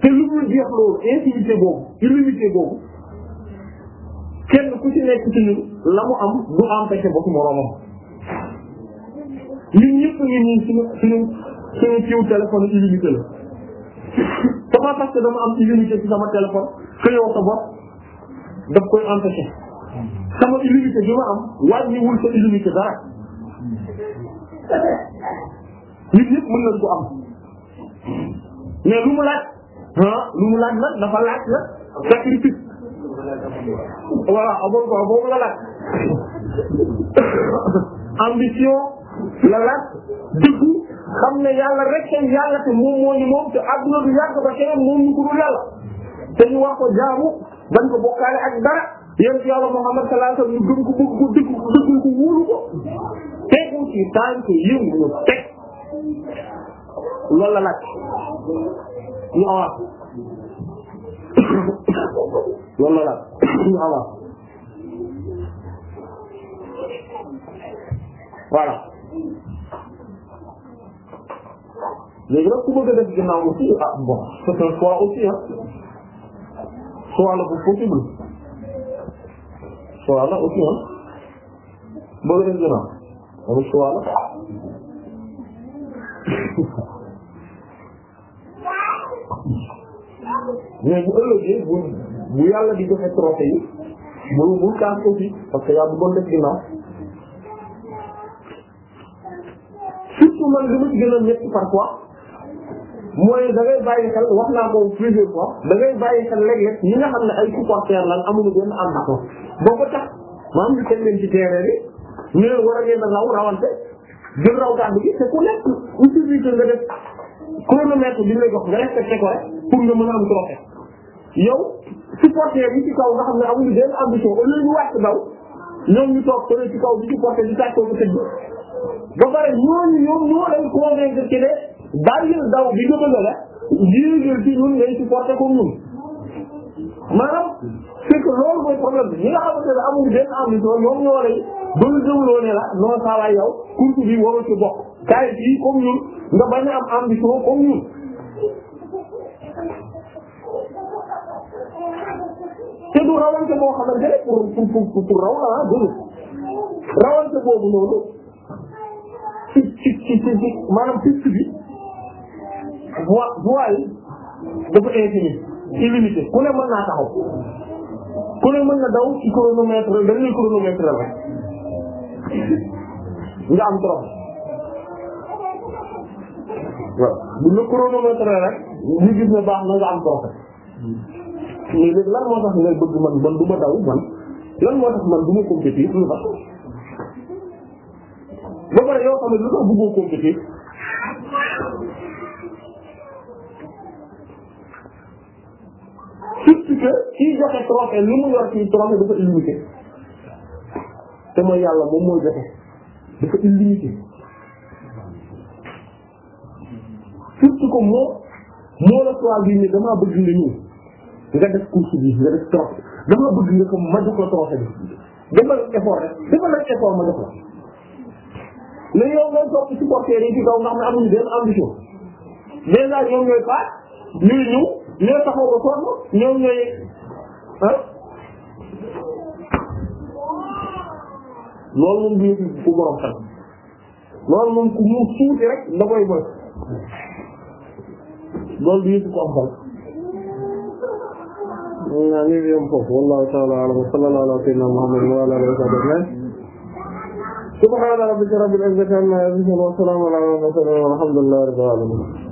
te lu dul jeex loolu infinité boobu illimité boobu kenn ku ci nekk ci ñun la mu am du empêché ba ci moroomam ñun ñëpp ngi nii suñu suñu suñu fiw téléphone illimité la c'est pas parce que dama am illimité ci sama téléphone que yow sa bopp daf koy empêché sama illimité bi ma am wàññiwul sa illimité dara nit ñëpp mën nañ ko am mais lu mu laaj ah lu mu laaj nag dafa laaj la sacrifice voilà abol ah, ah, ambition la laaj dëggu ne yàlla rek seen yàlla te moom moo ñu moom te adduna du ko dul yàlla te ñu wax ko jaamu bañ ko bokkaale ak dara yéen ci yàlla Muhammad sallallahu alayhi wasallam ñu gëm ko bëgg ko dëgg ko dëgg ko wóolu ko tegu ci tànk yëngu teg loolu la laaj ñu awaat loolu la laaj ñu awaat voilà léegi nag ku bëgg a def ginnaaw ah bon c'est un choix aussi choix la possible choix la aussi ah bëgg nañ gën a am choix la mais bu ëllëgee bu bu yàlla di joxe trophée yi bu bu kaas aussi parce que yaa bëggoon def man li ma ci gën a ñetti mooy da ngay bàyyi xel wax naa ko plusieurs fois da ngay bàyyi xel léeg-léeg ñi nga xam ne ay supporters lan amuñu benn am na ko boo ko tax maanaam ñu teg leen ci terrain bi ñu leen war a ngeen a raw rawante jël raw gàddu gi te ku e il suffit que nga def chronomètre bi ñu lay jox nga respecté ko rek pour nga mën a am trophée yow supporter yi ci kaw nga xam ne amuñu benn ambition au lieu ñu wàcc daw ñoom ñu toog tënk ci kaw di supporter di tàccoo ko tëdd ba pare ñooñu ñoom ñoo leen convaincre que ne bàyyil daw bi nga bëgg a def yéegal ci ñun ngay supporté comme ñun maanaam c'est que loolu mooy problème bi ñi nga xamante ne amul benn ambition ñoom ñoo lay bëgg dëwloo ne la non ça va yow course bi warul ci bokk kaay fii comme ñun nga bañ a am ambition comme ñun te du rawante boo xamante ne pour pour pour raw la ah, dëgg rawante boobu noonu ci ci ci ci maanaam piste bi voie voie yi dafa infini illimité ku ne mën naa taxaw ku ne mën na daw ci chronomètre dañuy chronomètre la rek nga am trop lan moo tax ngay bëgg man man du ma daw man lan moo tax man du ma compétir lu tax ba pare yoo xam ne lu tax bëggoo compétir surtout que kii joxe trophée li mu yor ci trophée dafa illimité te mooy yàlla moom mooy joxe dafa illimité surtout que moo moo la choisir ne damaa bëgg nga ñëw nga def course bi nga def trophée damaa bëgg nga ko ma jox la trophée bi defal effort rek defal nag effort ma jox la mais yow ngay topp supporter yi ci kaw nga xam ne amuñu benn ambition déjà ñoom ñooy paas ñuy ñëw ñoo taxaw ba sonn ñoom ñooy ah loolu moom du yëpp ku borom xel loolu moom ku mu suuti rek da koy bëgg loolu du yëpp ku am xel ñaa ngi yem foofu wallahu ta'ala a'lam wa sallallahu ala sayyidina Muhammad wa ala alihi wa sahbihi subhana rabbika rabbil izzati amma yasifun wa salamun ala al mursalin walhamdulillahi rabbil